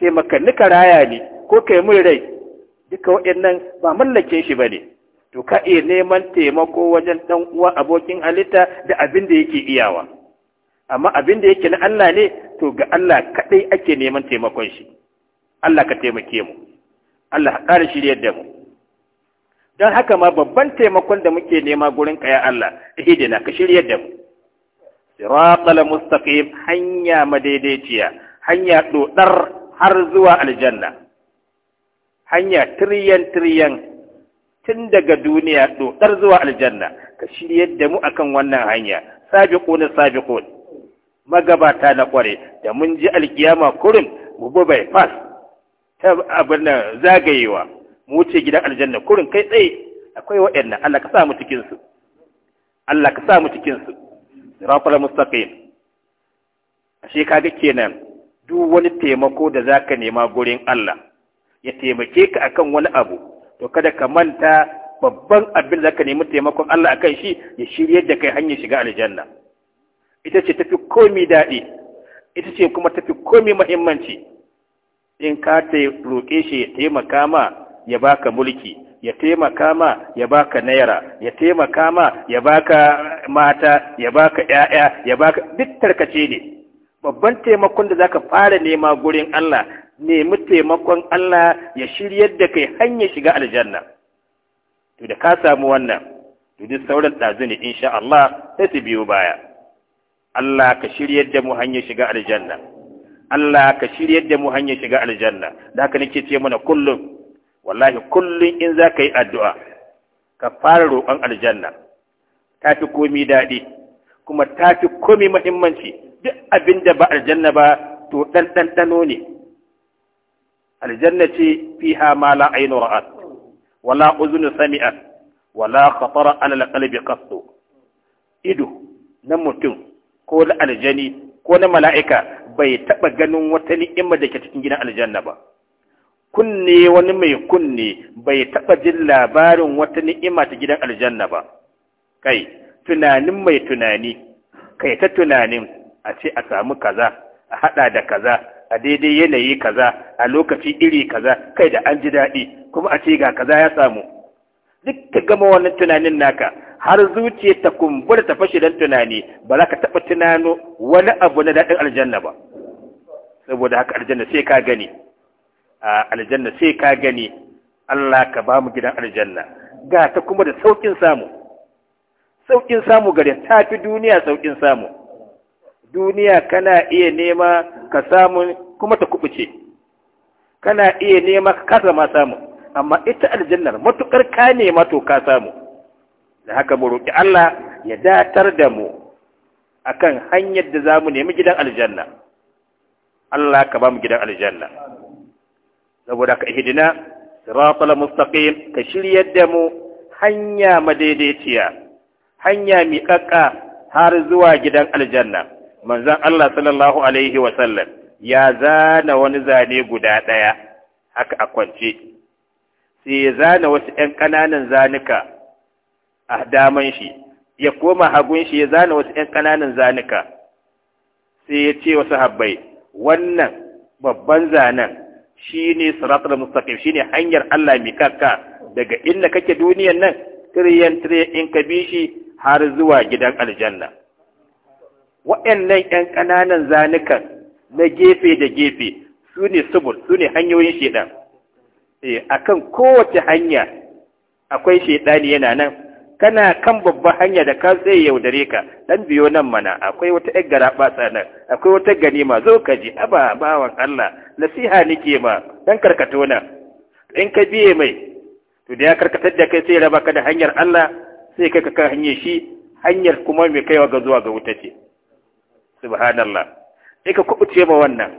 ni ka raya ni, ko kai mun rai duka waɗannan ba mallakin shi ba ne to ka iya neman taimako wajen ɗan uwa abokin halitta da abin da yake iyawa amma abin da yake na Allah ne to ga Allah kaɗai ake neman taimakon shi Allah ka taimake mu Allah ƙara shiryar da mu don haka ma babban taimakon da muke nema gurin kaya Allah na ka shiryar da mu siratal mustaqim hanya madaidaiciya hanya ɗoɗar har zuwa aljanna hanya tiriyan tiriyan tun daga duniya ɗoɗar zuwa aljanna ka shiryar da mu akan wannan hanya na sabiqun magabata na ƙware, da mun ji alkiyama kurin mu bai fas Eh, abin nan zagayewa mu wuce gidan aljanna kurin kai tsaye akwai waɗannan Allah ka sa mu cikin su Allah ka sa mu cikin su siratal mustaqim ashe kaga kenan duk wani taimako da zaka nema gurin Allah ya taimake ka akan wani abu to kada ka manta babban abin da zaka nemi taimakon Allah akan shi ya shirye da kai hanyar shiga aljanna ita ce tafi komai daɗi ita ce kuma tafi komai muhimmanci in ka ta roƙe shi ya taimaka ma ya baka mulki ya taimaka ma ya baka naira ya taimaka ma ya baka mata ya baka ƴaƴa ya baka duk tarkace ne babban taimakon da zaka fara nema gurin Allah nemi taimakon Allah ya shiryar da kai hanyar shiga aljanna to da ka samu wannan to duk sauran dazu ne insha Allah sai su biyo baya Allah ka shiryar da mu hanyar shiga aljanna Allah ka shiryar da mu hanyar shiga aljanna da haka nake ce mana kullum wallahi kullum in za ka yi addu'a ka fara roƙon aljanna ta fi komi daɗi kuma ta fi komi mahimmanci duk abin da ba aljanna ba to ɗanɗanɗano ne aljanna ce fi ha ma la ainu ra'at wala uzunu sami'at wala khatara ala qalbi ido na mutum ko na aljani ko na mala'ika bai taɓa ganin wata ni'ima da ke cikin gidan aljanna ba kunne wani mai kunne bai taɓa jin labarin wata ni'ima ta gidan aljanna ba kai tunanin mai tunani kai ta tunanin a ce a samu kaza a haɗa da kaza a daidai yanayi kaza a lokaci iri kaza kai da an ji daɗi kuma a ce ga kaza ya samu duk ka gama wannan tunanin naka har zuciya ta kumbura ta fashe don tunani ba za ka taɓa tunano wani abu na daɗin aljanna ba saboda haka aljanna sai ka gani a aljanna sai ka gani Allah ka ba mu gidan aljanna ga ta kuma da saukin samu saukin samu gare ta fi duniya saukin samu duniya kana iya nema ka samu kuma ta kuɓuce kana iya nema ka kasa ma samu amma ita aljannar matuƙar ka ne mato ka samu da haka mu roƙi Allah ya datar da mu akan hanyar da zamu nemi gidan aljanna Allah ka ba mu gidan aljanna saboda ka ihdina siratal mustaqim ka shiryar da mu hanya madaidaiciya hanya miƙaƙa har zuwa gidan aljanna manzon Allah sallallahu alaihi wa sallam ya zana wani zane guda ɗaya haka a kwance sai ya zana wasu ‘yan ƙananan zanuka a daman shi, ya koma hagun shi ya zana wasu ‘yan ƙananan zanuka, sai ya ce wasu habbai, wannan babban zanen shi ne siratul mustaqim shi ne hanyar Allah mai kakka daga inda kake duniyan nan, tiriyan tiriyan in ka bi shi har zuwa gidan aljanna. Wa'yannan ‘yan ƙananan zanukan na gefe da gefe su ne subur, su ne hanyoyin shaidan. eh akan kowace hanya akwai shaidani yana nan kana kan babban hanya da ka tsaye yaudare ka dan biyo nan mana akwai wata ƴar garaɓa nan akwai wata ganima zo ka ji aba bawan Allah nasiha nike ma dan karkato nan in ka biye mai to da ya karkatar da kai sai raba ka da hanyar Allah sai kai ka kan hanyar shi hanyar kuma mai kaiwa ga zuwa ga wuta ce subhanallah sai ka kubuce ma wannan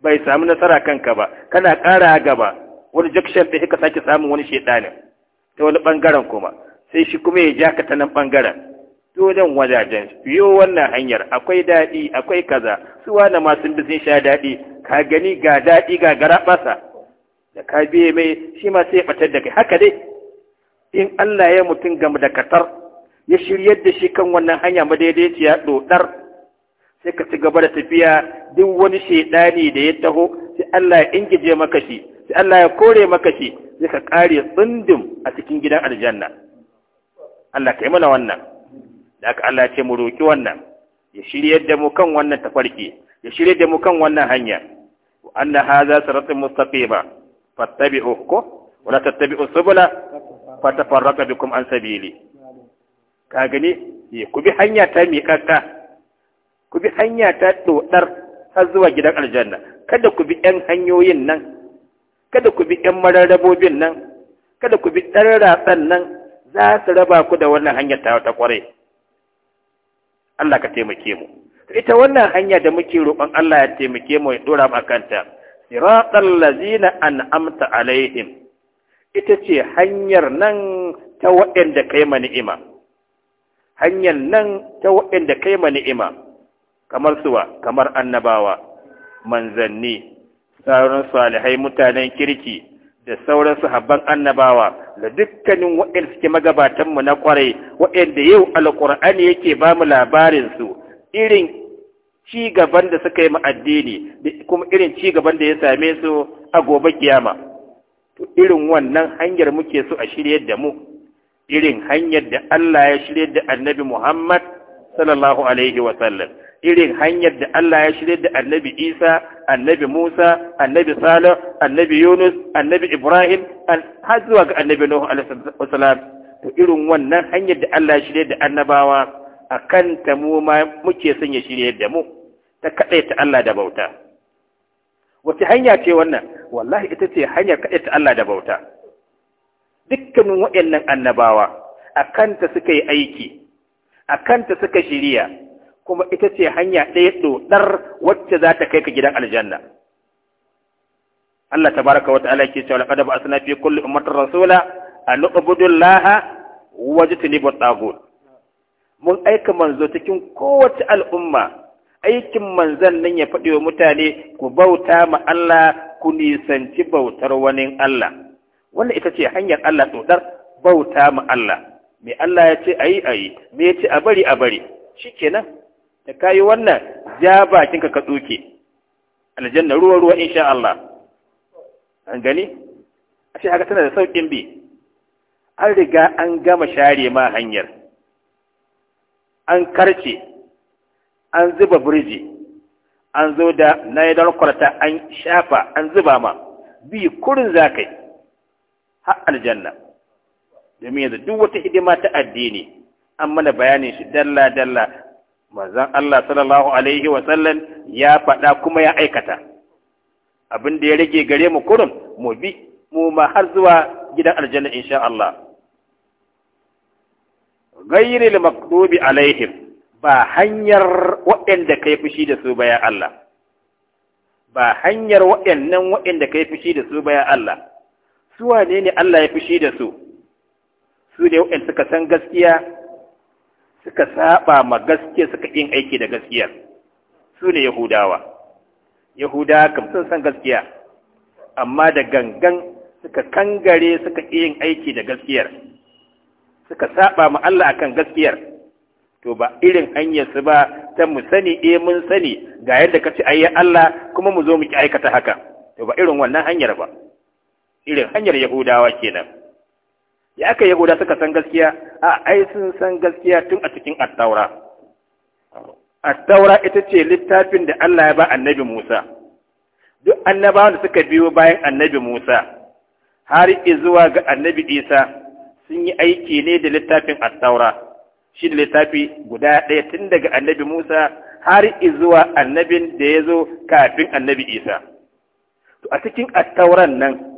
bai samu nasara kanka ba kana ƙara gaba wani jakshen da ka sake samun wani shedanin ta wani bangaren kuma sai shi kuma ya ja ta nan bangaren wajen wajajen biyo wannan hanyar akwai daɗi akwai kaza su wani ma sun bi sun sha daɗi ka gani ga daɗi ga garaɓasa da ka biye mai shi ma sai ɓatar da kai haka dai in Allah ya mutum gama da katar ya shiryar da shi kan wannan hanya ya ɗoɗar sai ka ci gaba da tafiya duk wani shedani da ya taho sai Allah ya ingije maka shi sai Allah ya kore maka shi zai ka kare tsundum a cikin gidan aljanna Allah ka yi mana wannan da aka Allah ya ce mu roki wannan ya shiryar da mu kan wannan tafarki ya shiryar da mu kan wannan hanya wa anna hadha siratun mustaqima fattabi'uhu ko wala tattabi'u subula fatafarraqu bikum an sabili ka gani eh, ku bi hanya ta miƙaƙa ku bi hanya ta dodar har zuwa gidan aljanna kada ku bi ɗan hanyoyin nan kada ku bi ‘yan mararrabobin nan, kada ku bi ɗan ratsan nan za su raba ku da wannan hanyar ta ta Allah ka taimake mu. Ita wannan hanya da muke roƙon Allah ya taimake mu ya ɗora ma kanta, siratan lazina an'amta alaihim. Ita ce hanyar nan ta waɗanda kai ma ni'ima. Hanyar nan ta waɗanda kai ma ni'ima, kamar suwa, kamar annabawa, manzanni, sauran salihai mutanen kirki da sauran sahabban annabawa da dukkanin waɗanda suke magabatanmu na kwarai waɗanda yau alƙur'ani yake ba mu labarinsu irin ci gaban da suka yi addini da kuma irin ci gaban da ya same su a gobe kiyama to irin wannan hanyar muke so a shiryar da mu irin hanyar da Allah ya shiryar da Annabi Muhammad sallallahu alaihi wa sallam irin hanyar da Allah ya shirya da annabi Isa, annabi Musa, annabi Salih, annabi Yunus, annabi Ibrahim, har zuwa ga annabi Nuhu alaihi to irin wannan hanyar da Allah ya shirya da annabawa a kan ta mu ma muke son ya shirya da mu ta kaɗai ta Allah da bauta. Wace hanya ce wannan? Wallahi ita ce hanyar kaɗai ta Allah da bauta. Dukkanin waɗannan annabawa a kanta suka yi aiki, a kanta suka shirya, kuma ita ce hanya ɗaya ɗoɗar wacce za ta kai ka gidan aljanna Allah Ta baraka wata ala ke cewa laqad ba'athna fi kulli ummatin rasula an ubudu Allah wa jtanibu taghut mun aika manzo cikin kowace al'umma aikin manzan nan ya faɗi wa mutane ku bauta ma Allah ku nisanci bautar wani Allah wannan ita ce hanyar Allah ɗodar bauta ma Allah me Allah ya ce ayi ayi me ya ce a bari a bari shikenan da ka yi wannan ja bakinka ka tsoke? aljanna ruwa ruwa insha Allah an gani ashe haka tana da saukin bi an riga an gama share ma hanyar an karce an zuba birji an zo da na yi kwarta an shafa an zuba ma bi kurin zakai kai har aljanna domin yanzu duk wata hidima ta addini an mana bayanin shi dalla dalla manzon Allah sallallahu alaihi wa sallam ya faɗa kuma ya aikata abin da ya rage gare mu kurum mu bi mu ma har zuwa gidan aljanna insha Allah ghayril maktubi alaihim ba hanyar waɗanda kai fushi da su baya Allah ba hanyar waɗannan waɗanda kai fushi da su baya Allah su wane ne Allah ya fushi da su su ne waɗanda suka san gaskiya suka saba ma gaske suka yin aiki da gaskiyar su ne yahudawa yahudawa kam sun san gaskiya amma da gangan suka kangare suka yin aiki da gaskiyar suka saba ma Allah akan gaskiyar to ba irin hanyarsu ba ta mu sani eh mun sani ga yadda ka ci Allah kuma mu zo mu ki aikata haka to ba irin wannan hanyar ba irin hanyar yahudawa kenan ya aka guda suka san gaskiya a ai sun san gaskiya tun a cikin attaura attaura ita ce littafin da Allah ya ba annabi Musa duk annabawan da suka biyo bayan annabi Musa har zuwa ga annabi Isa sun yi aiki ne da littafin attaura shi da littafi guda ɗaya tun daga annabi Musa har zuwa annabin da ya zo kafin annabi Isa to a cikin attauran nan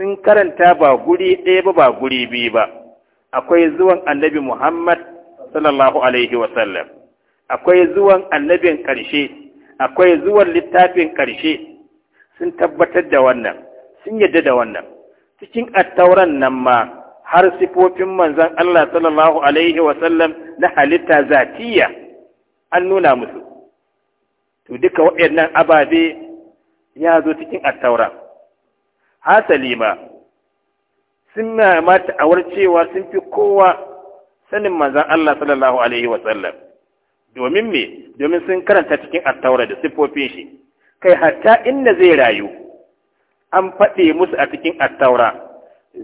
sun karanta ba guri ɗaya ba ba guri biyu ba akwai zuwan annabi Muhammad sallallahu alaihi wasallam akwai zuwan annabin ƙarshe akwai zuwan littafin ƙarshe sun tabbatar da wannan sun yadda da wannan cikin attauran nan ma har sifofin manzan Allah sallallahu alaihi wasallam na halitta zatiya an nuna musu to duka waɗannan ababe ya zo cikin attauran. hasali sun suna ma ta'awar cewa sun fi kowa sanin manzan Allah sallallahu alaihi wa sallam domin me domin sun karanta cikin attaura da siffofin shi kai hatta inda zai rayu an faɗe musu a cikin attaura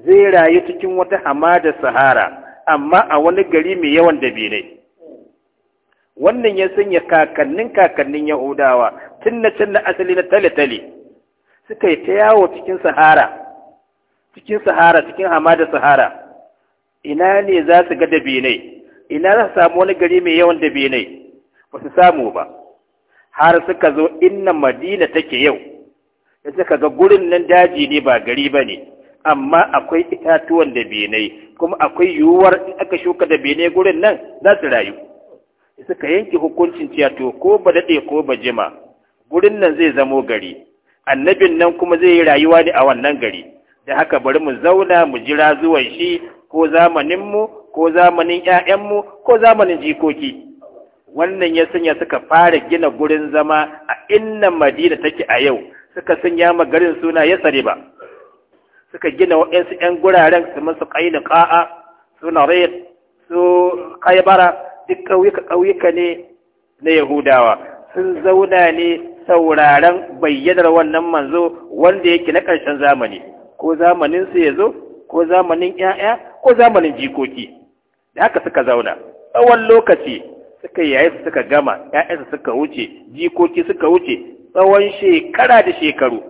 zai rayu cikin wata hamada sahara amma a wani gari mai yawan dabinai wannan ya sanya kakannin kakannin yahudawa tun na can na asali na tale-tale suka yi ta yawo cikin sahara cikin sahara cikin hamada sahara ina ne za su ga dabinai ina za su samu wani gari mai yawan dabinai ba su samu ba har suka zo inna madina take yau da suka ga gurin nan daji ne ba gari ba ne amma akwai itatuwan dabinai kuma akwai yiwuwar in aka shuka dabinai gurin nan za su rayu suka yanke hukuncin ciyato ko ba daɗe ko ba jima gurin nan zai zamo gari annabin nan kuma zai yi rayuwa ne a wannan gari da haka bari mu zauna mu jira zuwan shi ko zamaninmu ko zamanin ‘ya'yanmu ko zamanin jikoki wannan ya sanya suka fara gina gurin zama a inna madina take a yau suka sanya ma garin suna ya tsare ba suka gina waɗansu ‘yan guraren kamar su ƙaini ƙa'a su narayar su duk ƙauyuka ƙauyuka ne na yahudawa sun zauna ne sauraron bayyanar wannan manzo wanda yake na ƙarshen zamani ko zamanin su ya zo ko zamanin ƴaƴa ko zamanin jikoki da haka suka zauna tsawon lokaci suka yayi suka gama ƴaƴansu suka wuce jikoki suka wuce tsawon shekara da shekaru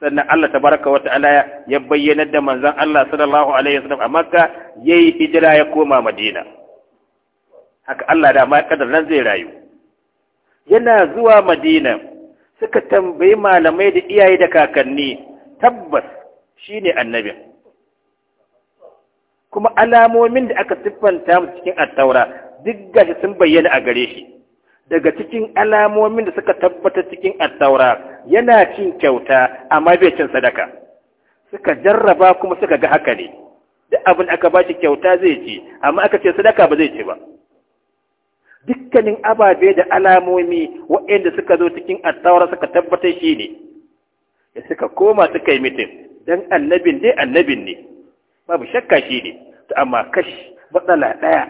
sannan Allah Ta baraka wa ta'ala ya bayyanar da manzon Allah sallallahu alaihi wasallam a Makka yayi hijira ya koma Madina haka Allah da ma kadar nan zai rayu yana zuwa madina suka tambayi malamai da iyaye da kakanni tabbas shine annabi. kuma alamomin da aka siffanta musu cikin attaura duk gashi sun bayyana a gare shi daga cikin alamomin da suka tabbata cikin attaura yana cin kyauta amma bai cin sadaka suka jarraba kuma suka ga haka ne duk abin aka ba shi kyauta zai ci amma aka ce sadaka ba zai ci ba dukkanin ababe da alamomi waɗanda suka zo cikin attawara suka tabbatar shi ne da suka koma suka yi mitin don annabin dai annabin ne babu shakka shi ne ta amma kashi matsala ɗaya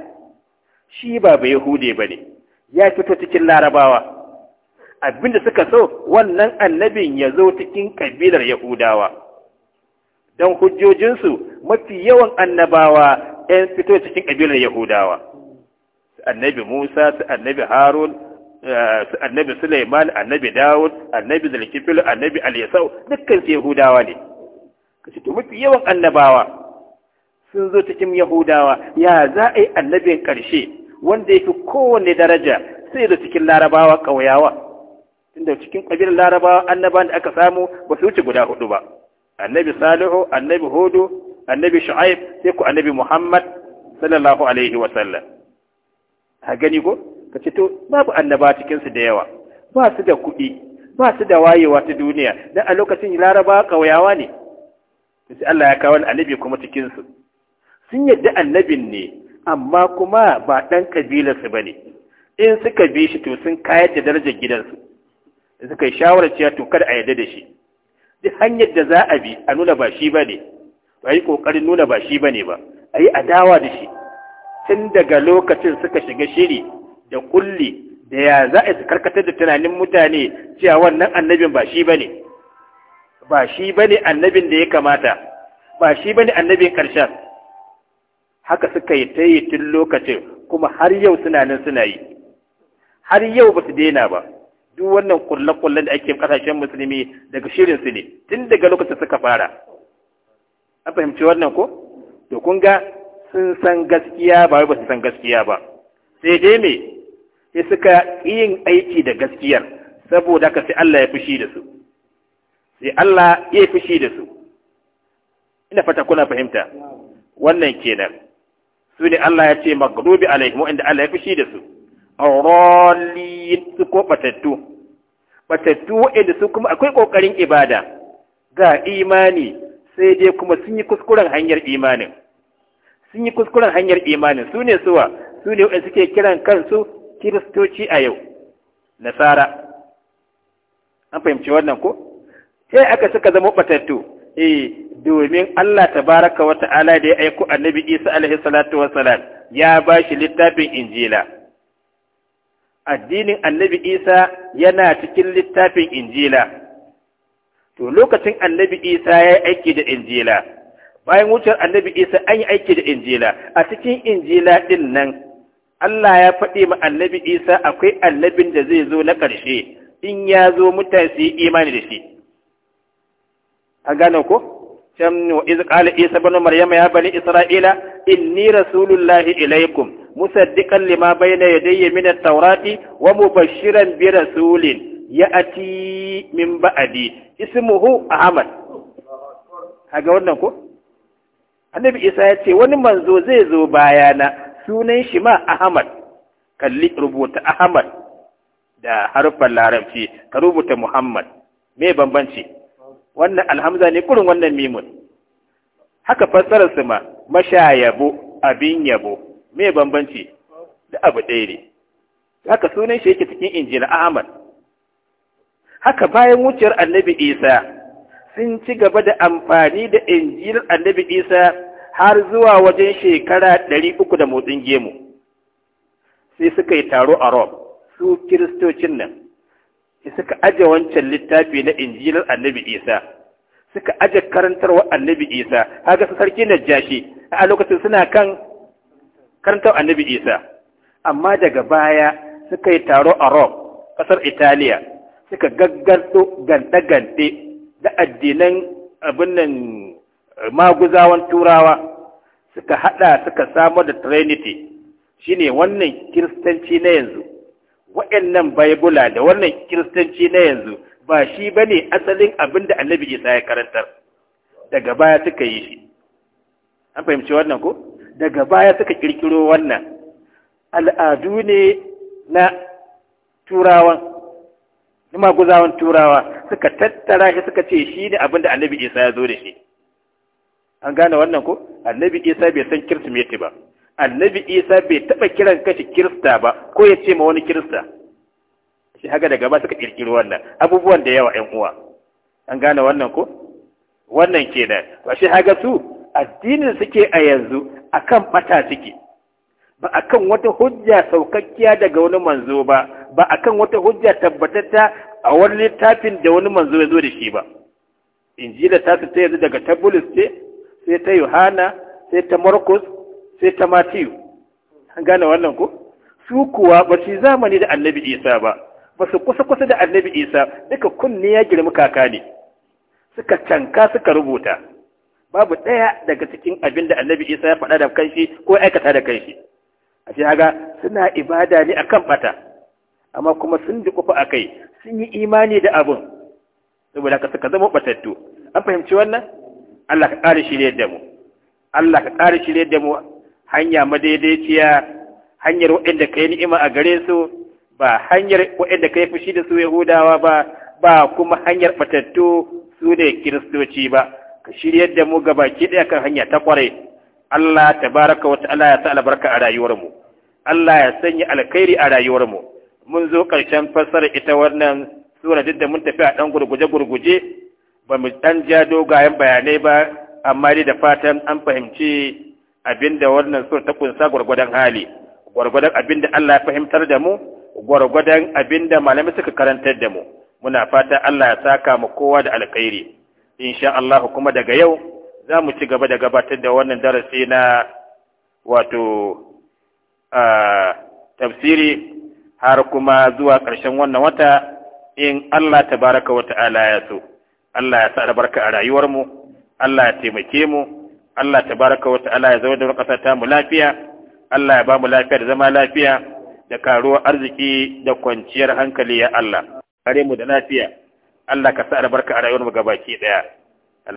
shi ba ba yahude ba ne ya fito cikin larabawa abinda suka so wannan annabin ya zo cikin ƙabilar yahudawa don hujjojinsu mafi yawan annabawa ‘yan fito cikin ƙabilar yahudawa annabi Musa su annabi Harun eh, su annabi suleiman annabi Dawud annabi zalkifil annabi Al-Yasau dukkan su Yahudawa ne kace to mafi yawan annabawa sun zo cikin Yahudawa ya za a yi annabin ƙarshe wanda fi kowanne daraja sai da cikin Larabawa ƙauyawa. tunda cikin kabilar Larabawa annaban da aka samu ba su wuce guda hudu ba annabi Salihu annabi Hudu annabi Shu'aib sai ku annabi Muhammad sallallahu alaihi wa sallam a gani ko ka ce to babu annaba cikinsu da yawa ba su da kuɗi ba su da wayewa ta duniya dan a lokacin laraba ƙauyawa ne sai Allah ya kawo annabi kuma cikinsu sun yadda annabin ne amma kuma ba ɗan kabilarsu ba ne in suka bi shi to sun kayar da darajar gidansu suka yi shawarar cewa to kada a yarda da shi duk hanyar da za a bi a nuna ba shi ba ne ba yi ƙoƙarin nuna ba shi ba ne ba a yi adawa da shi tun daga lokacin suka shiga shiri da kulli da ya za a karkatar da tunanin mutane cewa wannan annabin ba shi bane ba shi bane annabin da ya kamata ba shi bane annabin ƙarshen haka suka yi ta yi tun lokacin kuma har yau suna nan suna yi har yau ba su daina ba duk wannan kulle da ake kasashen musulmi daga shirin su ne tun daga lokacin suka fara an fahimci wannan ko to kun ga sun san gaskiya ba wai ba su san gaskiya ba sai dai me sai suka yin aiki da gaskiyar saboda ka sai Allah ya fushi da su sai Allah ya fushi da su ina fata kuna fahimta wannan kenan su ne Allah ya ce maglubi alaihim inda Allah ya fushi da su awralin su ko batattu batattu waɗanda su kuma akwai ƙoƙarin ibada ga imani sai dai kuma sun yi kuskuren hanyar imanin sun yi kuskuren hanyar imanin su ne suwa su ne waɗanda suke kiran kansu kiristoci a yau nasara an fahimci wannan ko sai aka suka zama batattu eh domin Allah tabaraka wa ta'ala da ya aiko annabi Isa alaihi salatu wassalam ya ba shi littafin injila addinin annabi Isa yana cikin littafin injila to lokacin annabi Isa ya yi aiki da injila bayan wucewar annabi isa an yi aiki da injila a cikin injila din nan Allah ya faɗi ma annabi isa akwai annabin da zai zo na ƙarshe in ya zo mutane su yi imani da shi a gane ko can wa iz qala isa bani maryama ya bani isra'ila inni rasulullahi ilaykum musaddiqan lima bayna yadayya min at-taurati wa mubashiran bi rasulin ya'ti min ba'di ismuhu ahmad kaga wannan ko annabi isa ya ce wani manzo zai zo bayana sunan shi ma ahmad kalli rubuta ahmad da harfar larabci ka rubuta muhammad me bambanci wannan alhamza ne kurin wannan mimun haka fassarar su ma mashayabo abin yabo me bambanci da abu ɗaya ne haka sunan shi yake cikin injina ahmad haka bayan wuciyar annabi isa sun ci gaba da amfani da injilar annabi isa har zuwa wajen shekara ɗari uku da motsin gemu sai suka yi taro a rom su kiristocin nan suka aje wancan littafi na injilar annabi isa suka aje karantarwa annabi isa haka su sarki jashi a lokacin suna kan karantar annabi isa amma daga baya suka yi taro a rom ƙasar italiya suka gaggarto gante-gante da addinan abin nan eh, maguzawan turawa suka hada suka samar da trinity shine wannan kiristanci na yanzu waɗannan baibula da wannan kiristanci na yanzu ba shi ba ne asalin abin da annabi isa ya karantar daga baya suka yi shi an fahimci wannan ko daga baya suka kirkiro wannan al'adu ne na turawan maguzawan turawa suka tattara shi suka ce shi ne abin da annabi isa ya zo da shi an gane wannan ko annabi isa bai san kirsimeti ba annabi isa bai taɓa kiran kashi kirista ba ko ya ce ma wani kirista shi haka daga ba suka ƙirƙiri wannan abubuwan da yawa ‘yan uwa an gane wannan ko wannan kenan ba shi haka su addinin suke a yanzu akan ɓata suke ba akan wata hujja saukakkiya daga wani manzo ba ba kan wata hujja tabbatatta a wani littafin da wani manzo ya zo da shi ba injila ta ta yanzu daga ta bulus ce sai ta yohana sai ta markus sai ta matiyu an gane wannan ko su kuwa ba su zamani da annabi isa ba ba su kusa kusa da annabi isa duka kunne ya girma kaka ne suka canka suka rubuta babu ɗaya daga cikin abin da annabi isa ya faɗa da kanshi ko aikata da kanshi a shi haga suna ibada ne akan bata amma kuma sun dukufa a kai sun yi imani da abun saboda ka suka zama batattu an fahimci wannan Allah ka ƙara shirye da mu Allah ka shirye da mu hanya madaidaiciya hanyar waɗanda ka yi ni'ima a gare su ba hanyar waɗanda ka yi fushi da su Yahudawa ba ba kuma hanyar batattu su ne Kiristoci ba ka shirye da mu ga baki ɗaya kan hanya ta kware Allah tabaraka wa ta'ala ya sa albarka a rayuwar mu Allah ya sanya alkhairi a rayuwar mu mun zo ƙarshen fassara ita wannan sura duk da mun tafi a ɗan gurguje-gurguje ba mu ɗan ja dogayen bayanai ba amma dai da fatan an fahimci abinda wannan sura ta kunsa gwargwadon hali gwargwadon abinda Allah ya fahimtar da mu gwargwadon abinda malamai suka karantar da mu muna fata Allah ya saka mu kowa da alkhairi insha Allah kuma daga yau za mu ci gaba da gabatar da wannan darasi na wato tafsiri har kuma zuwa ƙarshen wannan wata in Allah baraka wa ta'ala ya so Allah ya sa albarka a rayuwarmu. mu Allah ya taimake mu Allah baraka wa ta'ala ya zama da ƙasa ta mu lafiya Allah ya ba mu lafiya da zama lafiya da karuwar arziki da kwanciyar hankali ya Allah kare mu da lafiya Allah ka sa albarka a rayuwarmu mu gabaki ɗaya.